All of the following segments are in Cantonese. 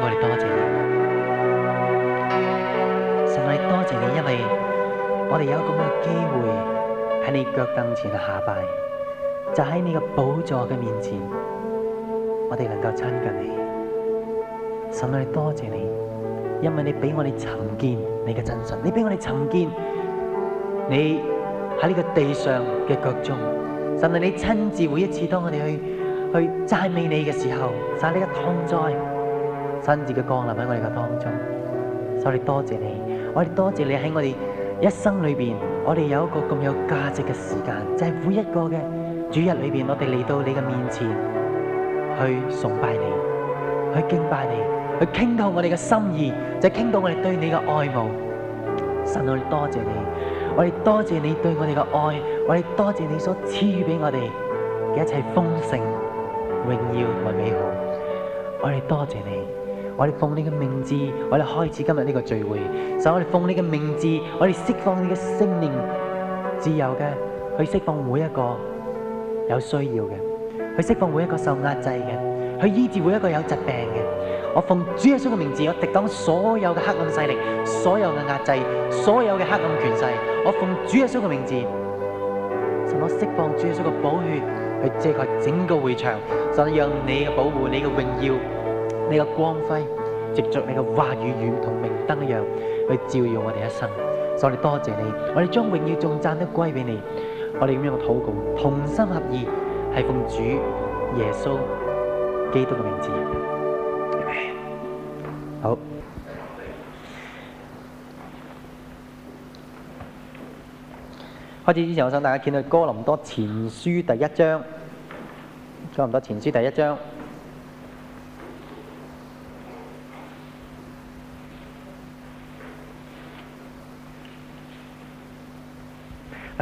我哋多謝你，神啊！多謝你，因為我哋有咁嘅機會喺你腳凳前下拜，就喺你嘅寶座嘅面前，我哋能夠親近你。神啊！多謝你，因為你俾我哋尋見你嘅真實，你俾我哋尋見你喺呢個地上嘅腳蹤，神啊！你親自每一次，當我哋去去讚美你嘅時候，受呢個痛災。聖潔嘅降臨喺我哋嘅當中，所以我哋多謝你，我哋多謝你喺我哋一生裏邊，我哋有一個咁有價值嘅時間，就係每一個嘅主日裏邊，我哋嚟到你嘅面前去崇拜你，去敬拜你，去傾到我哋嘅心意，就傾到我哋對你嘅愛慕。神，我哋多謝你，我哋多謝你對我哋嘅愛，我哋多謝你所賜予俾我哋嘅一切豐盛、榮耀同埋美好，我哋多謝你。我哋奉你嘅名字，我哋開始今日呢個聚會。就我哋奉你嘅名字，我哋釋放你嘅聖靈，自由嘅去釋放每一個有需要嘅，去釋放每一個受壓制嘅，去醫治每一個有疾病嘅。我奉主耶穌嘅名字，我敵擋所有嘅黑暗勢力，所有嘅壓制，所有嘅黑暗權勢。我奉主耶穌嘅名字，就我釋放主耶穌嘅寶血，去遮蓋整個會場，就讓你嘅保護，你嘅榮耀。你嘅光輝，藉着你嘅話語如同明燈一樣，去照耀我哋一生。所以多謝你，我哋將榮耀頌讚都歸俾你。我哋咁樣嘅禱告，同心合意，係奉主耶穌基督嘅名字。好，開始之前，我想大家見到《哥林多前書》第一章，《哥林多前書》第一章。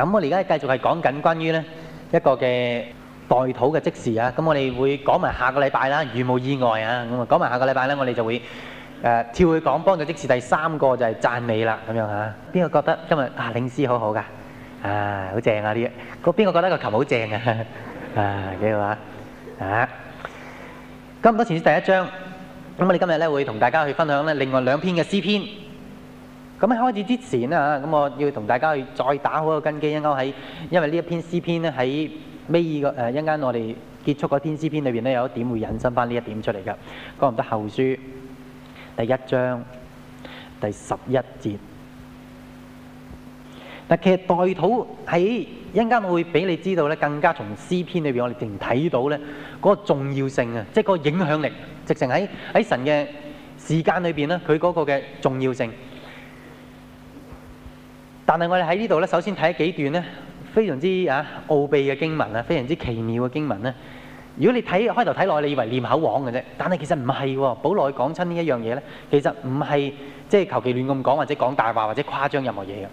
咁我哋而家繼續係講緊關於呢一個嘅代禱嘅職事啊，咁我哋會講埋下個禮拜啦，如無意外啊，咁啊講埋下個禮拜呢，我哋就會誒跳去講幫助職事第三個就係讚美啦，咁樣吓，邊個覺得今日啊領詩好好噶？啊好正啊啲嘢，個邊個覺得個琴好正啊，啊幾好啊，啊咁多前史第一章，咁我哋今日呢會同大家去分享呢另外兩篇嘅詩篇。咁喺開始之前咧嚇，咁我要同大家去再打好一個根基。一陣間喺因為呢一篇詩篇咧喺尾二個誒，一陣間我哋結束嗰篇詩篇裏邊咧有一點會引申返呢一點出嚟嘅。哥林多後書第一章第十一節。嗱，其實代禱喺一陣間會俾你知道咧，更加從詩篇裏邊我哋淨睇到咧嗰個重要性啊，即係個影響力，直情喺喺神嘅時間裏邊咧，佢嗰個嘅重要性。但係我哋喺呢度咧，首先睇幾段咧，非常之啊奧秘嘅經文啊，非常之奇妙嘅經文咧。如果你睇開頭睇落，你以為念口簧嘅啫，但係其實唔係喎。保內講親呢一樣嘢咧，其實唔係即係求其亂咁講，或者講大話，或者誇張任何嘢嘅。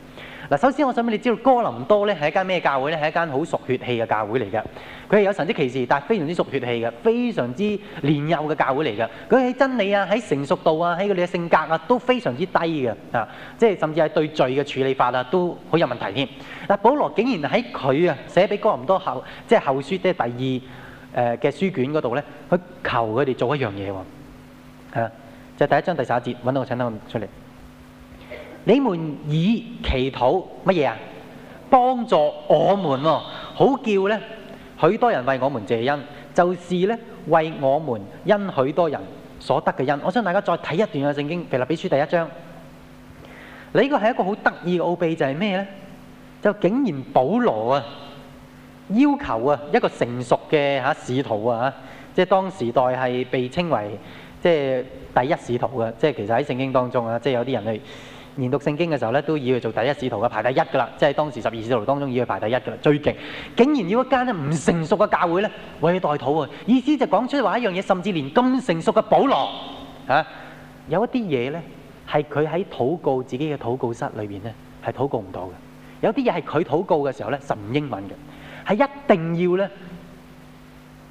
嗱，首先我想俾你知道哥林多咧係一間咩教會咧，係一間好屬血氣嘅教會嚟嘅。佢係有神蹟奇事，但係非常之屬血氣嘅，非常之年幼嘅教會嚟嘅。佢喺真理啊，喺成熟度啊，喺佢哋嘅性格啊都非常之低嘅啊，即係甚至係對罪嘅處理法啊都好有問題添。嗱、啊，保羅竟然喺佢啊寫俾哥林多後即係後書即係第二誒嘅、呃、書卷嗰度咧，去求佢哋做一樣嘢喎啊！就係、是、第一章第三節，揾到個請翻出嚟。你們以祈禱乜嘢啊？幫助我們喎、哦，好叫咧，許多人為我們謝恩，就是咧為我們因許多人所得嘅恩。我想大家再睇一段嘅聖經《腓立比書》第一章，你呢個係一個好得意嘅奧秘，就係、是、咩呢？就竟然保羅啊，要求啊一個成熟嘅嚇使徒啊，即係當時代係被稱為即係第一使徒嘅，即係其實喺聖經當中啊，即係有啲人係。研讀聖經嘅時候咧，都以佢做第一使徒嘅排第一噶啦，即係當時十二使徒當中以佢排第一噶啦，最勁。竟然要一間咧唔成熟嘅教會咧為佢代禱，意思就講出話一樣嘢，甚至連咁成熟嘅保羅啊，有一啲嘢咧係佢喺禱告自己嘅禱告室裏邊咧係禱告唔到嘅。有啲嘢係佢禱告嘅時候咧係唔英文嘅，係一定要咧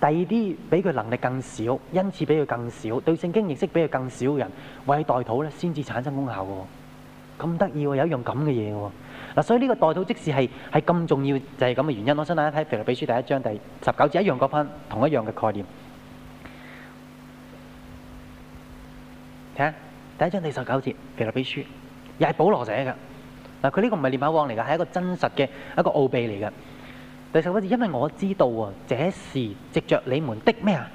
第二啲比佢能力更少，因此比佢更少對聖經認識比佢更少嘅人為佢代禱咧先至產生功效嘅。咁得意喎，有一樣咁嘅嘢喎嗱，所以呢個代到即使係係咁重要，就係咁嘅原因。我想大家睇《腓立比書》第一章第十九節一樣講翻同一樣嘅概念。睇下第一章第十九節《腓立比書》，又係保羅寫嘅嗱，佢呢個唔係連環網嚟嘅，係一個真實嘅一個奧秘嚟嘅。第十九節，因為我知道喎，這是藉著你們的咩啊？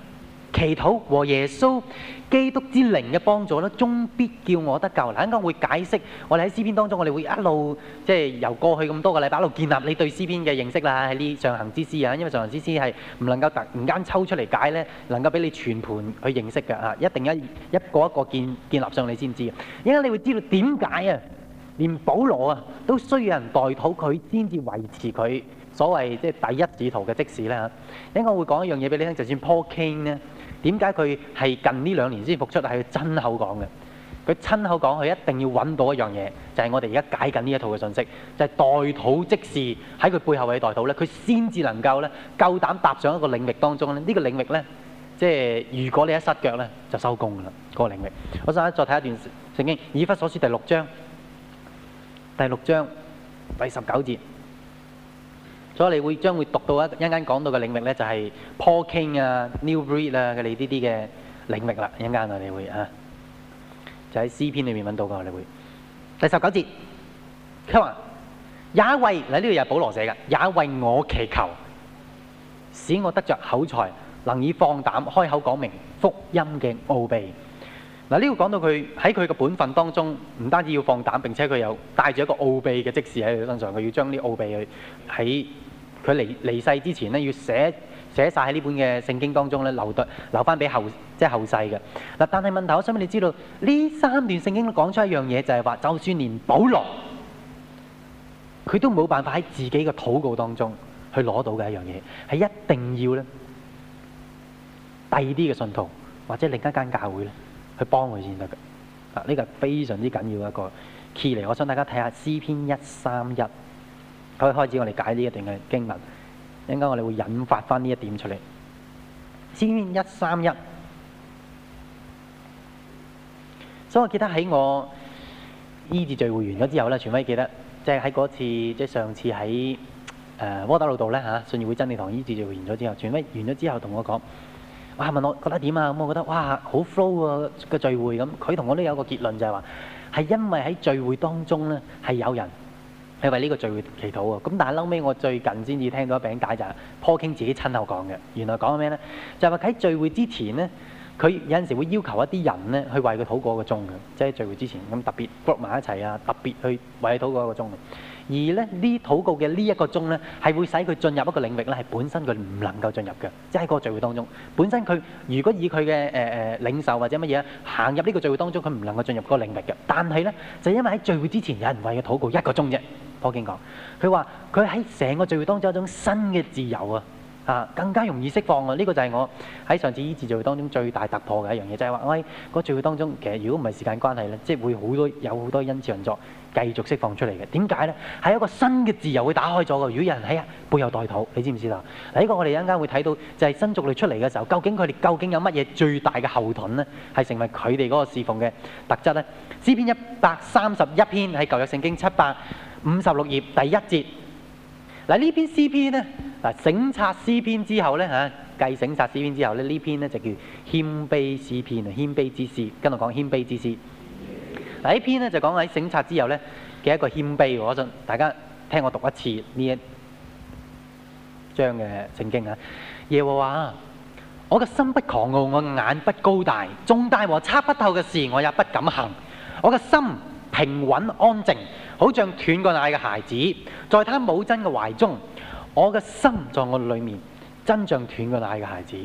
祈禱和耶穌基督之靈嘅幫助咧，終必叫我得救。嗱，一陣間會解釋。我哋喺詩篇當中，我哋會一路即係、就是、由過去咁多個禮拜一路建立你對詩篇嘅認識啦。喺呢上行之詩啊，因為上行之詩係唔能夠突然間抽出嚟解咧，能夠俾你全盤去認識嘅啊，一定一一個一個建建立上你先知道。一陣間你會知道點解啊，連保羅啊都需要人代禱佢先至維持佢所謂即係第一使徒嘅職事咧。一陣間會講一樣嘢俾你聽，就算 Paul Cain 咧。點解佢係近呢兩年先復出？係佢親口講嘅，佢親口講，佢一定要揾到一樣嘢，就係、是、我哋而家解緊呢一套嘅信息，就係代禱即係喺佢背後嘅代禱呢，佢先至能夠咧夠膽踏上一個領域當中呢、這個領域呢，即係如果你一失腳呢，就收工㗎啦。個領域，我想再睇一段聖經，以弗所書第六章第六章第十九節。所以你會將會讀到一陣間講到嘅領域咧，就係 Paul King 啊、New Breed 啊嘅你呢啲嘅領域啦，一陣間我哋會啊，就喺詩篇裏面揾到噶，我哋會第十九節，佢話，也為你呢度又係保羅寫嘅，也為我祈求，使我得著口才，能以放膽開口講明福音嘅奧秘。嗱，呢個講到佢喺佢嘅本分當中，唔單止要放膽，並且佢有帶住一個奧秘嘅職事喺佢身上，佢要將呢奧秘喺佢離離世之前咧，要寫寫曬喺呢本嘅聖經當中咧，留對留翻俾後即係後世嘅。嗱，但係問題，我想俾你知道呢三段聖經都講出一樣嘢，就係話，就算連保羅，佢都冇辦法喺自己嘅禱告當中去攞到嘅一樣嘢，係一定要咧第二啲嘅信徒或者另一間教會咧，去幫佢先得嘅，啊呢個係非常之緊要嘅一個 key 嚟。我想大家睇下詩篇一三一，可以開始我哋解呢一段嘅經文。陣間我哋會引發翻呢一點出嚟。詩篇一三一，所以我記得喺我醫治聚會完咗之後咧，傳威記得即係喺嗰次即係、就是、上次喺誒、呃、窩打路道咧嚇信義會真理堂醫治聚會完咗之後，傳威完咗之後同我講。哇！問我覺得點啊？咁、嗯、我覺得哇，好 flow 個、個聚會咁。佢同我都有個結論，就係話係因為喺聚會當中咧，係有人係為呢個聚會祈禱喎。咁但係嬲尾，我最近先至聽到一餅解就係 Paul King 自己親口講嘅。原來講緊咩咧？就係話喺聚會之前咧，佢有陣時候會要求一啲人咧去為佢禱過一個鐘嘅，即、就、係、是、聚會之前咁特別 block 埋一齊啊，特別去為佢禱過一個鐘。而咧呢禱告嘅呢一個鐘咧，係會使佢進入一個領域咧，係本身佢唔能夠進入嘅，即係喺個聚會當中，本身佢如果以佢嘅誒誒領袖或者乜嘢行入呢個聚會當中，佢唔能夠進入嗰個領域嘅。但係咧，就因為喺聚會之前有人為佢禱告一個鐘啫。波堅講，佢話佢喺成個聚會當中有一種新嘅自由啊，啊更加容易釋放啊！呢個就係我喺上次醫治聚會當中最大突破嘅一樣嘢，就係話我喺嗰聚會當中，其實如果唔係時間關係咧，即係會好多有好多恩賜運作。繼續釋放出嚟嘅，點解呢？係一個新嘅自由會打開咗嘅。如果有人喺啊背後代禱，你知唔知啦？嗱，呢個我哋一陣間會睇到，就係、是、新族類出嚟嘅時候，究竟佢哋究竟有乜嘢最大嘅後盾呢？係成為佢哋嗰個侍奉嘅特質呢。詩篇一百三十一篇喺舊約聖經七百五十六頁第一節。嗱呢篇詩篇呢，嗱省察詩篇之後呢，嚇、啊，繼省察詩篇之後呢，呢篇呢就叫謙卑詩篇啊，謙卑之詩。跟住講謙卑之詩。第一篇咧，就講喺省察之後咧嘅一個謙卑，我想大家聽我讀一次呢一章嘅聖經啊。耶和華，我嘅心不狂傲，我眼不高大，重大和測不透嘅事，我也不敢行。我嘅心平穩安靜，好像斷過奶嘅孩子，在他母親嘅懷中。我嘅心在我裏面，真像斷過奶嘅孩子。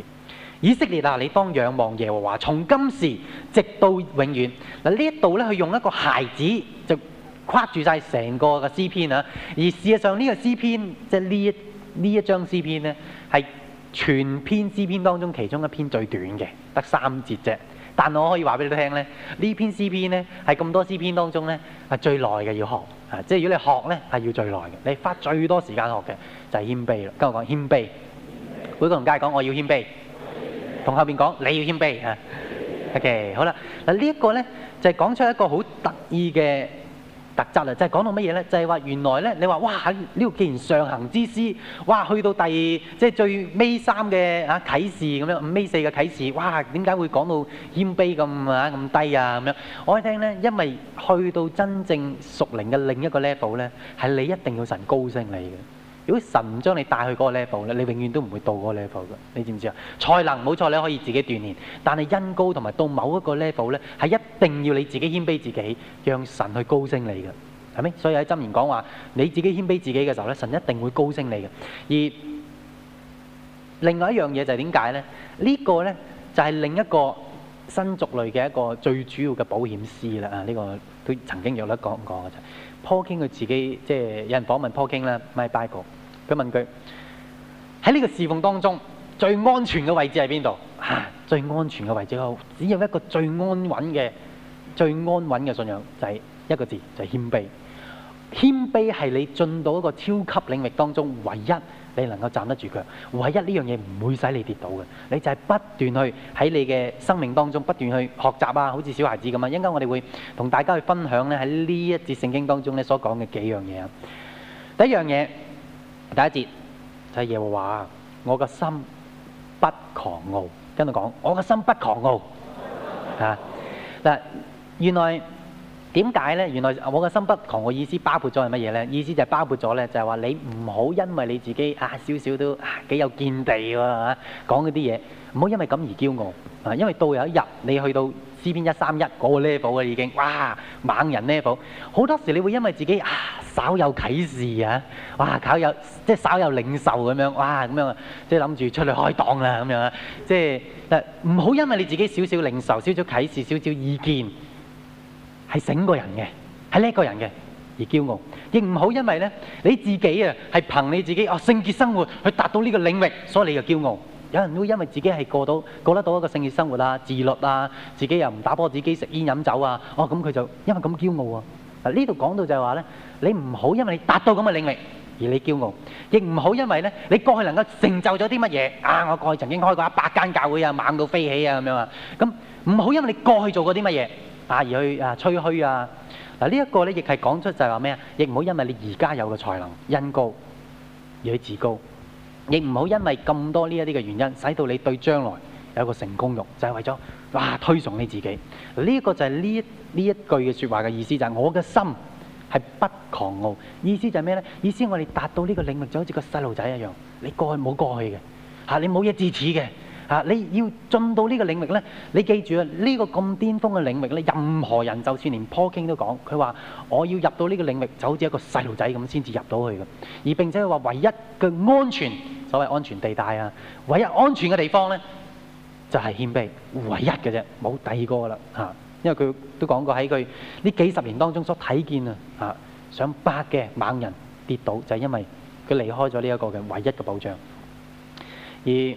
以色列啊，你當仰望耶和華，從今時直到永遠。嗱呢一度咧，佢用一個孩子就跨住晒成個嘅詩篇啊！而事實上呢個詩篇，即係呢一呢一張詩篇咧，係全篇詩篇當中其中一篇最短嘅，得三節啫。但我可以話俾你聽咧，呢篇詩篇咧係咁多詩篇當中咧係最耐嘅要學啊！即係如果你學咧係要最耐嘅，你花最多時間學嘅就係謙卑啦。跟我講謙卑，每個人梗係講我要謙卑。同後邊講，你要謙卑啊。OK，好啦，嗱呢一個咧就係講出一個好得意嘅特質啦，就係講到乜嘢咧？就係話原來咧，你話哇呢個既然上行之詩，哇去到第二即係最尾三嘅啊啟示咁樣，五尾四嘅啟示，哇點解會講到謙卑咁啊咁低啊咁樣？我聽咧，因為去到真正熟靈嘅另一個 level 咧，係你一定要神高升你嘅。如果神唔將你帶去嗰個 level 咧，你永遠都唔會到嗰個 level 嘅，你知唔知啊？才能冇錯，你可以自己鍛鍊，但係恩膏同埋到某一個 level 咧，係一定要你自己謙卑自己，讓神去高升你嘅，係咪？所以喺箴言講話，你自己謙卑自己嘅時候咧，神一定會高升你嘅。而另外一樣嘢就係點解咧？呢個咧就係另一個新族類嘅一個最主要嘅保險絲啦。啊，呢個都曾經有得講過嘅啫。Paul King 佢自己即係有人訪問 Paul King 啦，Michael。佢問佢：「喺呢個侍奉當中，最安全嘅位置喺邊度？最安全嘅位置有只有一個最安穩嘅、最安穩嘅信仰，就係一個字，就係謙卑。謙卑係你進到一個超級領域當中，唯一你能夠站得住腳，唯一呢樣嘢唔會使你跌倒嘅。你就係不斷去喺你嘅生命當中不斷去學習啊，好似小孩子咁啊。一陣間我哋會同大家去分享咧，喺呢一節聖經當中咧，所講嘅幾樣嘢啊。第一樣嘢。第一節就係耶和華，我個心不狂傲，跟住講我個心不狂傲。啊嗱，原來點解咧？原來我個心不狂傲意思包括咗係乜嘢咧？意思就係包括咗咧，就係話你唔好因為你自己啊少少都幾有見地喎，講嗰啲嘢，唔好因為咁而驕傲。啊，因為到有一日你去到。詩篇一三一嗰個 level 啊已經，哇猛人 level，好多時你會因為自己啊稍有啟示啊，哇靠有即係稍有領受咁樣，哇咁樣即係諗住出去開檔啦咁樣，即係嗱唔好因為你自己少少領受、少少啟示、少少意見係醒過人嘅，係叻過人嘅而驕傲，亦唔好因為咧你自己啊係憑你自己哦聖潔生活去達到呢個領域，所以你就驕傲。有人都因為自己係過到過得到一個聖潔生活啊、自律啊，自己又唔打波、自己食煙飲酒啊，哦咁佢就因為咁驕傲啊！嗱，呢度講到就係話咧，你唔好因為你達到咁嘅領域而你驕傲，亦唔好因為咧你過去能夠成就咗啲乜嘢啊，我過去曾經開過一百間教會啊，猛到飛起啊咁樣啊，咁唔好因為你過去做過啲乜嘢啊而去啊吹噓啊！嗱，呢一個咧亦係講出就係話咩啊？亦唔好因為你而家有嘅才能恩膏而去自高。亦唔好因為咁多呢一啲嘅原因，使到你對將來有一個成功慾，就係、是、為咗哇推崇你自己。呢、這、一個就係呢呢一句嘅説話嘅意思，就係、是、我嘅心係不狂傲。意思就係咩呢？意思是我哋達到呢個領域，就好似個細路仔一樣，你過去冇過去嘅嚇，你冇嘢至此嘅。嚇！你要進到呢個領域呢，你記住啊！呢、這個咁巔峰嘅領域咧，任何人就算連 Paul King 都講，佢話我要入到呢個領域，就好似一個細路仔咁先至入到去嘅。而並且佢話唯一嘅安全，所謂安全地帶啊，唯一安全嘅地方呢，就係、是、謙卑，唯一嘅啫，冇第二個啦嚇。因為佢都講過喺佢呢幾十年當中所睇見啊嚇，上百嘅猛人跌倒，就係、是、因為佢離開咗呢一個嘅唯一嘅保障，而。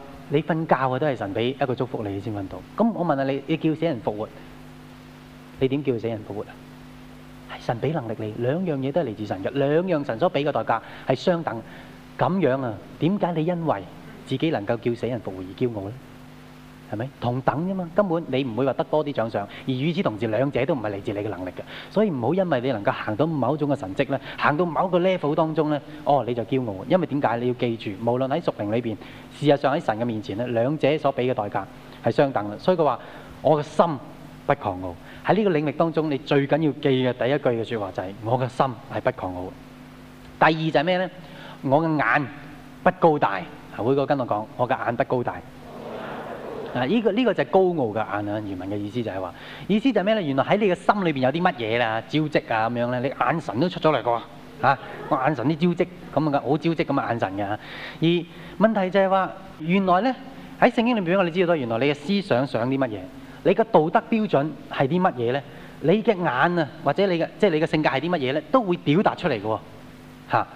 你瞓覺都係神畀一個祝福你先瞓到。咁我問下你，你叫死人復活，你點叫死人復活啊？係神畀能力你，兩樣嘢都係嚟自神嘅，兩樣神所畀嘅代價係相等。咁樣啊，點解你因為自己能夠叫死人復活而驕傲咧？係咪同等嘅嘛？根本你唔會話得多啲獎賞，而與此同時，兩者都唔係嚟自你嘅能力嘅。所以唔好因為你能夠行到某種嘅神蹟咧，行到某個 level 當中咧，哦你就驕傲。因為點解你要記住？無論喺屬靈裏邊，事實上喺神嘅面前咧，兩者所俾嘅代價係相等嘅。所以佢話：我嘅心不狂傲。喺呢個領域當中，你最緊要記嘅第一句嘅説話就係：我嘅心係不狂傲。第二就係咩咧？我嘅眼不高大。每個跟我講，我嘅眼不高大。啊！依、這個呢、這個就係高傲嘅眼啊！原文嘅意思就係話，意思就係咩呢？原來喺你嘅心裏邊有啲乜嘢啦？招積啊咁樣呢，你眼神都出咗嚟個嚇，我眼神啲招積咁啊，好招積咁嘅眼神嘅、啊。而問題就係話，原來呢，喺聖經裏邊，我哋知道啦，原來你嘅思想想啲乜嘢，你嘅道德標準係啲乜嘢呢？你嘅眼啊，或者你嘅即係你嘅性格係啲乜嘢呢，都會表達出嚟嘅嚇。啊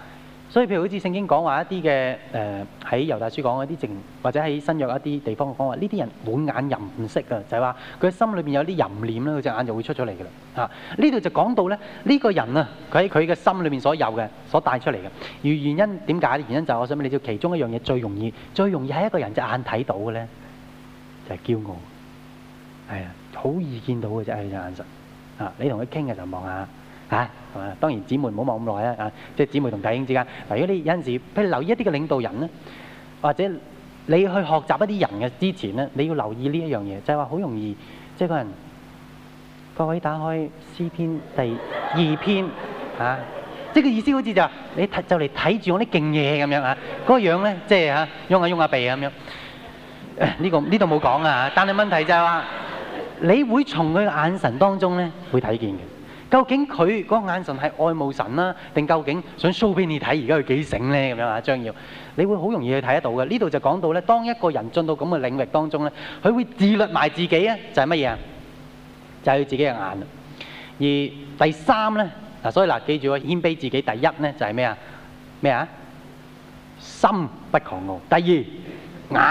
所以譬如好似聖經講，話一啲嘅，誒喺猶大書講一啲淨，或者喺新約一啲地方講話，呢啲人滿眼淫色嘅，就係話佢心裏邊有啲淫念咧，佢隻眼就會出咗嚟嘅啦。啊，呢度就講到咧呢、呢個人啊，佢喺佢嘅心裏面所有嘅，所帶出嚟嘅。而原因點解？原因就係我想問你，知其中一樣嘢最容易、最容易喺一個人隻眼睇到嘅咧，就係、是、驕傲的。係、哎、啊，好易見到嘅啫，隻、哎、眼神，啊，你同佢傾嘅時候就望下啊。啊，當然姊妹唔好望咁耐啊！啊，即係姊妹同弟兄之間，嗱，如果你有陣時，譬如留意一啲嘅領導人咧，或者你去學習一啲人嘅之前咧，你要留意呢一樣嘢，就係話好容易，即係個人。各位打開詩篇第二篇啊，即係個意思好似就係你睇就嚟睇住我啲勁嘢咁樣啊，嗰個樣咧，即係嚇，喐下喐下鼻咁樣。啊，呢個呢度冇講啊，但係問題就係話，你會從佢眼神當中咧，會睇見嘅。究竟佢嗰個眼神係愛慕神啦，定究竟想 show 俾你睇而家佢幾醒咧？咁樣啊，張耀，你會好容易去睇得到嘅。呢度就講到咧，當一個人進到咁嘅領域當中咧，佢會自律埋自己啊，就係乜嘢啊？就係佢自己嘅眼。而第三咧嗱，所以嗱記住啊，謙卑自己第一咧就係咩啊？咩啊？心不狂傲。第二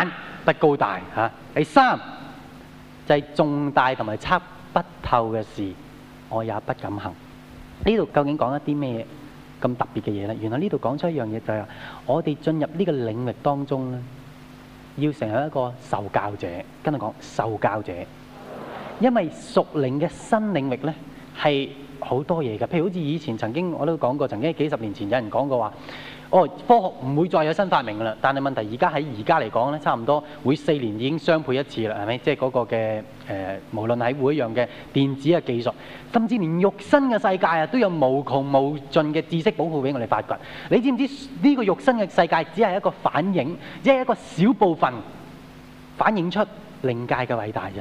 眼不高大嚇。第三就係重大同埋測不透嘅事。我也不敢行。呢度究竟講一啲咩咁特別嘅嘢咧？原來呢度講出一樣嘢就係話，我哋進入呢個領域當中咧，要成為一個受教者。跟住講受教者，因為屬靈嘅新領域咧，係好多嘢嘅。譬如好似以前曾經我都講過，曾經幾十年前有人講過話。哦、科學唔會再有新發明噶啦，但係問題而家喺而家嚟講咧，差唔多會四年已經雙倍一次啦，係咪？即係嗰個嘅、呃、無論喺每一樣嘅電子嘅技術，甚至連肉身嘅世界啊，都有無窮無盡嘅知識保護俾我哋發掘。你知唔知呢個肉身嘅世界只係一個反映，只係一個小部分，反映出靈界嘅偉大咋？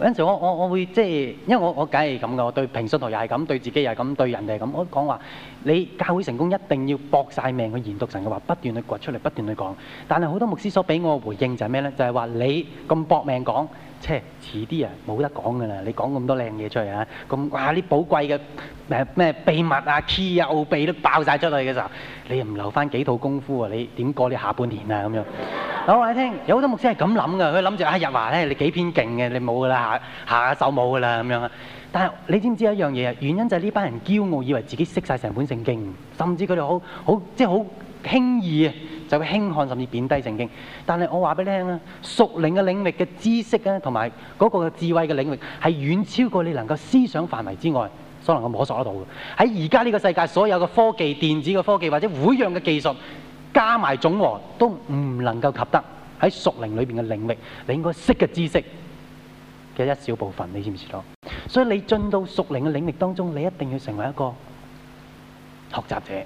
嗰陣時，我我我會即係，因為我我梗係咁噶，我對評審台又係咁，對自己又係咁，對人哋係咁。我講話你教會成功一定要搏晒命去研讀神嘅話，不斷去掘出嚟，不斷去講。但係好多牧師所俾我嘅回應就係咩咧？就係話你咁搏命講，即係遲啲啊，冇得講噶啦！你講咁多靚嘢出嚟啊，咁哇啲寶貴嘅誒咩秘密啊、key 啊、奧秘都爆晒出嚟嘅時候，你又唔留翻幾套功夫啊？你點過你下半年啊？咁樣。我話你聽，有好多牧師係咁諗噶，佢諗住啊，日華咧你幾偏勁嘅，你冇噶啦，下下手冇噶啦咁樣啊。但係你知唔知道一樣嘢啊？原因就係呢班人驕傲，以為自己識晒成本聖經，甚至佢哋好好即係好輕易就會輕看甚至貶低聖經。但係我話俾你聽啊，屬靈嘅領域嘅知識啊，同埋嗰個智慧嘅領域係遠超過你能夠思想範圍之外所能夠摸索得到嘅。喺而家呢個世界，所有嘅科技、電子嘅科技或者每樣嘅技術。加埋總和都唔能夠及得喺熟齡裏邊嘅領域，你應該識嘅知識嘅一小部分，你知唔知道？所以你進到熟齡嘅領域當中，你一定要成為一個學習者，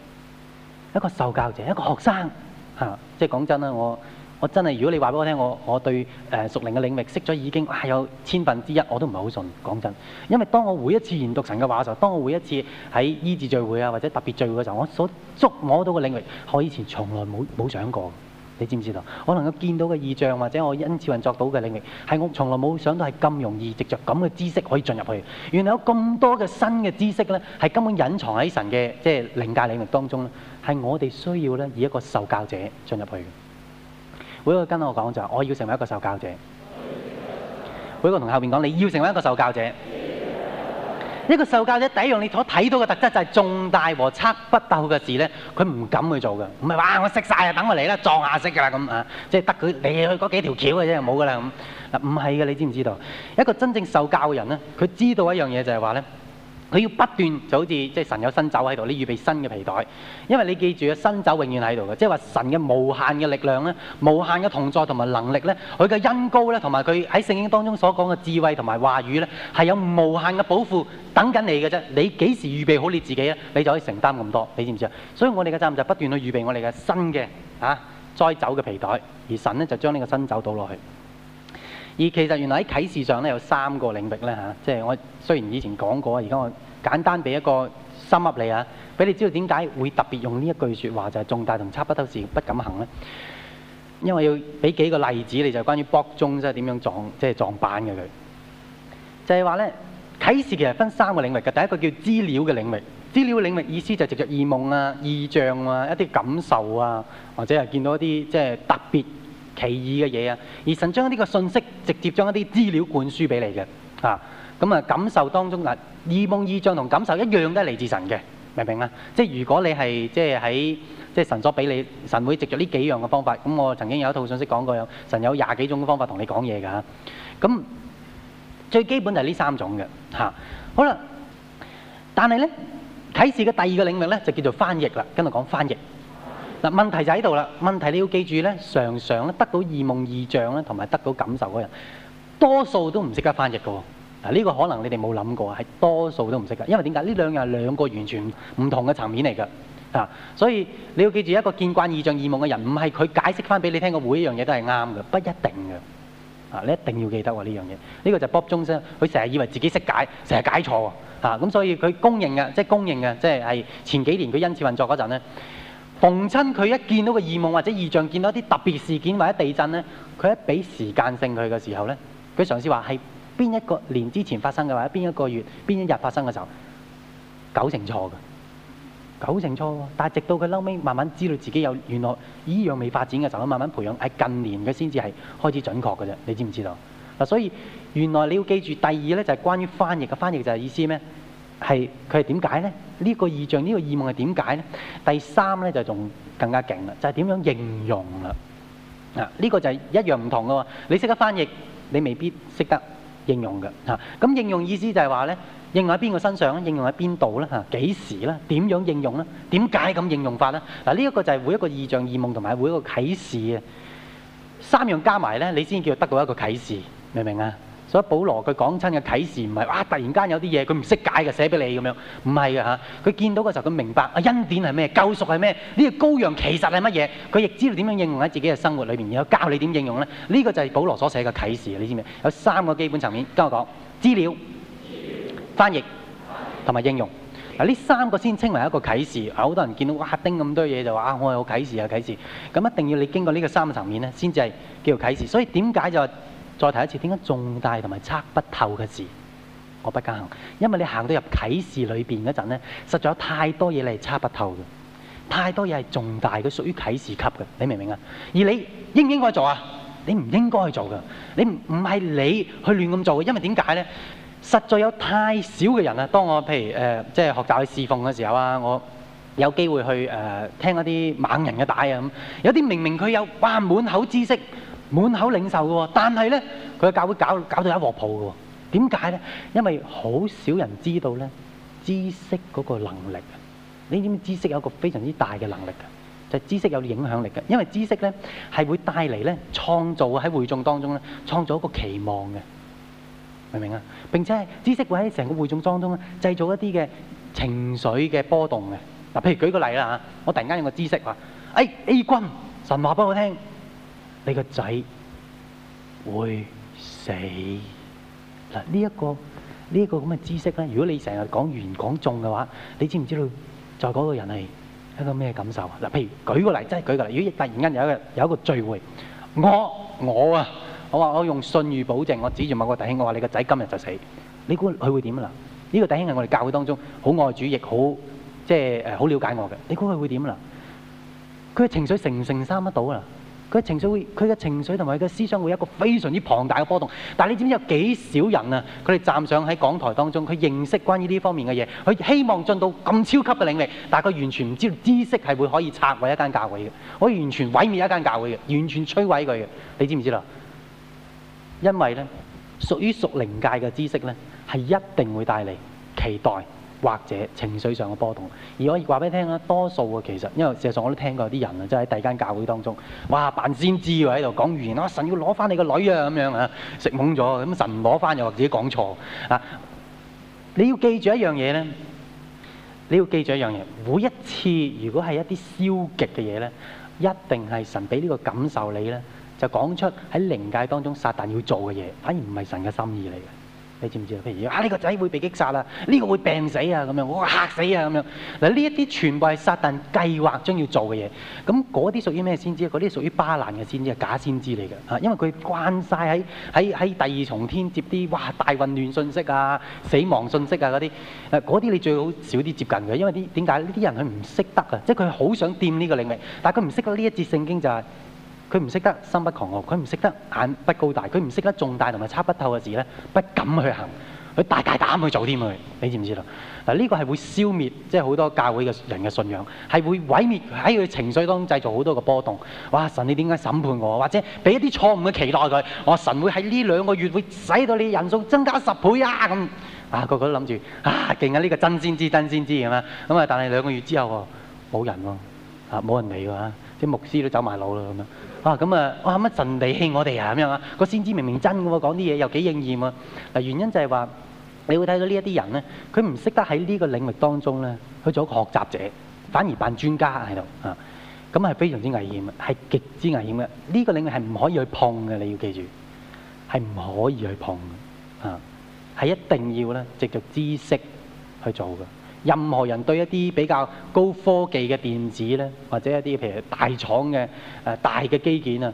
一個受教者，一個學生嚇。即係講真啦，我。我真係，如果你話俾我聽，我我對誒屬靈嘅領域識咗已經，係有千分之一，我都唔係好信。講真，因為當我每一次研讀神嘅話就，當我每一次喺醫治聚會啊，或者特別聚會嘅時候，我所觸摸到嘅領域，我以前從來冇冇想過。你知唔知道？我能夠見到嘅異象，或者我因此運作到嘅領域，係我從來冇想到係咁容易，藉着咁嘅知識可以進入去。原來有咁多嘅新嘅知識咧，係根本隱藏喺神嘅即係靈界領域當中咧，係我哋需要咧以一個受教者進入去嘅。每一個跟我講就，我要成為一個受教者。每一個同後面講，你要成為一個受教者。一個受教者，第一樣你所睇到嘅特質就係重大和測不透嘅事咧，佢唔敢去做嘅。唔係話我識晒就等我嚟啦，撞下識噶啦咁啊，即係得佢嚟去嗰幾條橋嘅啫，冇噶啦咁。嗱唔係嘅，你知唔知道？一個真正受教嘅人咧，佢知道一樣嘢就係話咧。佢要不斷就好似即係神有新酒喺度，你預備新嘅皮袋，因為你記住啊，新酒永遠喺度嘅，即係話神嘅無限嘅力量咧，無限嘅同在同埋能力咧，佢嘅恩膏咧，同埋佢喺聖經當中所講嘅智慧同埋話語咧，係有無限嘅保護等緊你嘅啫。你幾時預備好你自己啊？你就可以承擔咁多，你知唔知啊？所以我哋嘅責任就不斷去預備我哋嘅新嘅啊，載酒嘅皮袋，而神咧就將呢個新酒倒落去。而其實原來喺啟示上咧有三個領域咧嚇，即係我雖然以前講過，而家我。簡單俾一個心入嚟啊，俾你知道點解會特別用呢一句説話就係、是、重大同差不多都事，不敢行咧，因為要俾幾個例子，你就是、關於博中即係點樣撞即係、就是、撞板嘅佢，就係話咧啟示其實分三個領域嘅，第一個叫資料嘅領域，資料嘅領域意思就係藉著異夢啊、異象啊、一啲感受啊，或者係見到一啲即係特別奇異嘅嘢啊，而神將呢個信息直接將一啲資料灌輸俾你嘅啊。咁啊，感受當中嗱，異夢異象同感受一樣咧，都係嚟自神嘅，明唔明啊？即係如果你係即係喺即係神所俾你，神會藉著呢幾樣嘅方法。咁我曾經有一套信息講過，有神有廿幾種嘅方法同你講嘢㗎嚇。咁最基本就係呢三種嘅嚇。好啦，但係咧啟示嘅第二個領域咧就叫做翻譯啦。跟住講翻譯嗱，問題就喺度啦。問題你要記住咧，常常咧得到異夢異象咧，同埋得到感受嗰人，多數都唔識得翻譯㗎喎。嗱，呢個可能你哋冇諗過，係多數都唔識㗎。因為點解？呢兩樣係兩個完全唔同嘅層面嚟㗎。嚇、啊，所以你要記住一個見慣異象異夢嘅人，唔係佢解釋翻俾你聽嘅每一樣嘢都係啱嘅，不一定嘅。啊，你一定要記得喎呢樣嘢。呢、這個這個就 Bob Jones，佢成日以為自己識解，成日解錯、啊。嚇、啊，咁所以佢公認嘅，即、就、係、是、公認嘅，即係係前幾年佢因此運作嗰陣呢，逢親佢一見到個異夢或者異象，見到啲特別事件或者地震呢，佢一俾時間性佢嘅時候呢，佢嘗試話係。邊一個年之前發生嘅話，邊一個月，邊一日發生嘅時候，九成錯㗎，九成錯喎。但係直到佢後尾慢慢知道自己有原來依樣未發展嘅時候，慢慢培養喺近年嘅先至係開始準確嘅啫。你知唔知道嗱？所以原來你要記住第二咧，就係關於翻譯嘅翻譯就係意思咩？係佢係點解咧？這個這個、是為什麼呢個意象呢個意夢係點解咧？第三咧就仲更加勁啦，就係、是、點樣形容啦？嗱，呢個就係一樣唔同咯。你識得翻譯，你未必識得。應用嘅嚇，咁應用意思就係話咧，應用喺邊個身上咧？應用喺邊度咧？嚇，幾時咧？點樣應用咧？點解咁應用法咧？嗱，呢一個就係每一個異象異夢、異夢同埋每一個啟示嘅三樣加埋咧，你先叫做得到一個啟示，明唔明啊？所以保羅佢講親嘅啟示唔係，哇突然間有啲嘢佢唔識解嘅寫俾你咁樣，唔係嘅嚇。佢見到嘅時候佢明白啊，恩典係咩，救贖係咩，呢個羔羊其實係乜嘢，佢亦知道點樣應用喺自己嘅生活裏面，然後教你點應用咧。呢個就係保羅所寫嘅啟示，你知唔知？有三個基本層面，跟我講：資料、翻譯同埋應用。嗱，呢三個先稱為一個啟示。好多人見到哇叮咁多嘢就話啊，我有啟示啊啟示。咁一定要你經過呢個三個層面咧，先至係叫做啟示。所以點解就係？再提一次，點解重大同埋測不透嘅事，我不敢行？因為你行到入啟示裏面嗰陣咧，實在有太多嘢你係測不透嘅，太多嘢係重大嘅，佢屬於啟示級嘅，你明唔明啊？而你應唔應該做啊？你唔應該去做嘅，你唔係你，你去亂咁做嘅，因為點解咧？實在有太少嘅人啊！當我譬如、呃、即係學習去侍奉嘅時候啊，我有機會去誒、呃、聽一啲猛人嘅帶啊咁，有啲明明佢有哇滿口知識。滿口領受嘅喎，但係咧，佢嘅教會搞搞到一鑊泡嘅喎。點解咧？因為好少人知道咧，知識嗰個能力。你知唔知知識有一個非常之大嘅能力嘅，就係、是、知識有影響力嘅。因為知識咧係會帶嚟咧創造，喺會眾當中咧創造一個期望嘅，明唔明啊？並且知識會喺成個會眾當中咧製造一啲嘅情緒嘅波動嘅。嗱、啊，譬如舉個例啦嚇，我突然間用個知識話，誒、哎、A 君，神話俾我聽。你個仔會死嗱，呢一個呢一個咁嘅知識咧。如果你成日講完講中嘅話，你知唔知道在嗰個人係一個咩感受啊？嗱，譬如舉個例，真係舉個例。如果突然間有一個有一個聚會，我我啊，我話我用信譽保證，我指住某個弟兄，我話你個仔今日就死。你估佢會點啊？嗱，呢個弟兄係我哋教會當中好愛主，亦好即係誒好瞭解我嘅。你估佢會點啊？嗱，佢嘅情緒承唔承擔得到啊？佢情緒會，佢嘅情緒同埋佢嘅思想會有一個非常之龐大嘅波動。但你知唔知有幾少人啊？他佢哋站上喺講台當中，佢認識關於呢方面嘅嘢，佢希望進到咁超級嘅領域，但係佢完全唔知道知識係會可以拆毀一間教會嘅，可以完全毀滅一間教會嘅，完全摧毀佢嘅。你知唔知道？因為呢，屬於屬靈界嘅知識呢，係一定會帶來期待。或者情緒上嘅波動，而我話俾你聽啊，多數嘅其實，因為事實上我都聽過啲人啊，即係喺第二間教會當中，哇，扮先知喎喺度講預言，啊，神要攞翻你個女啊，咁樣啊，食懵咗，咁神唔攞翻又話自己講錯啊！你要記住一樣嘢咧，你要記住一樣嘢，每一次如果係一啲消極嘅嘢咧，一定係神俾呢個感受你咧，就講出喺靈界當中撒旦要做嘅嘢，反而唔係神嘅心意嚟嘅。你知唔知啊？譬如啊，呢、這個仔會被擊殺啦，呢、這個會病死啊，咁樣哇嚇死啊，咁樣嗱，呢一啲全部係撒旦計劃將要做嘅嘢，咁嗰啲屬於咩先知啊？嗰啲屬於巴蘭嘅先知，係假先知嚟嘅嚇，因為佢關晒喺喺喺第二重天接啲哇大混亂信息啊、死亡信息啊嗰啲，誒嗰啲你最好少啲接近嘅，因為啲點解呢啲人佢唔識得啊？即係佢好想掂呢個領域，但係佢唔識得呢一節聖經就係、是。佢唔識得心不狂傲，佢唔識得眼不高大，佢唔識得重大同埋測不透嘅事咧，不敢去行。佢大大膽去做添佢，你知唔知道？嗱、這、呢個係會消滅，即係好多教會嘅人嘅信仰，係會毀滅喺佢情緒當中製造好多嘅波動。哇！神你點解審判我？或者俾一啲錯誤嘅期待佢，我神會喺呢兩個月會使到你嘅人數增加十倍啊！咁啊個個都諗住啊勁啊！呢、這個真先知真先知咁啊！咁啊，但係兩個月之後喎，冇人喎，啊冇人理㗎，啲牧師都走埋佬啦咁樣。咁啊，哇乜神地氣我哋啊咁樣啊？個、啊、先知明明真㗎喎，講啲嘢又幾應驗喎。嗱，原因就係話，你會睇到呢一啲人咧，佢唔識得喺呢個領域當中咧，去做一個學習者，反而扮專家喺度啊，咁係非常之危險嘅，係極之危險嘅。呢、呢個領域係唔可以去碰嘅，你要記住，係唔可以去碰嘅啊，係一定要咧藉著知識去做嘅。任何人對一啲比較高科技嘅電子呢，或者一啲譬如大廠嘅、呃、大嘅機件啊，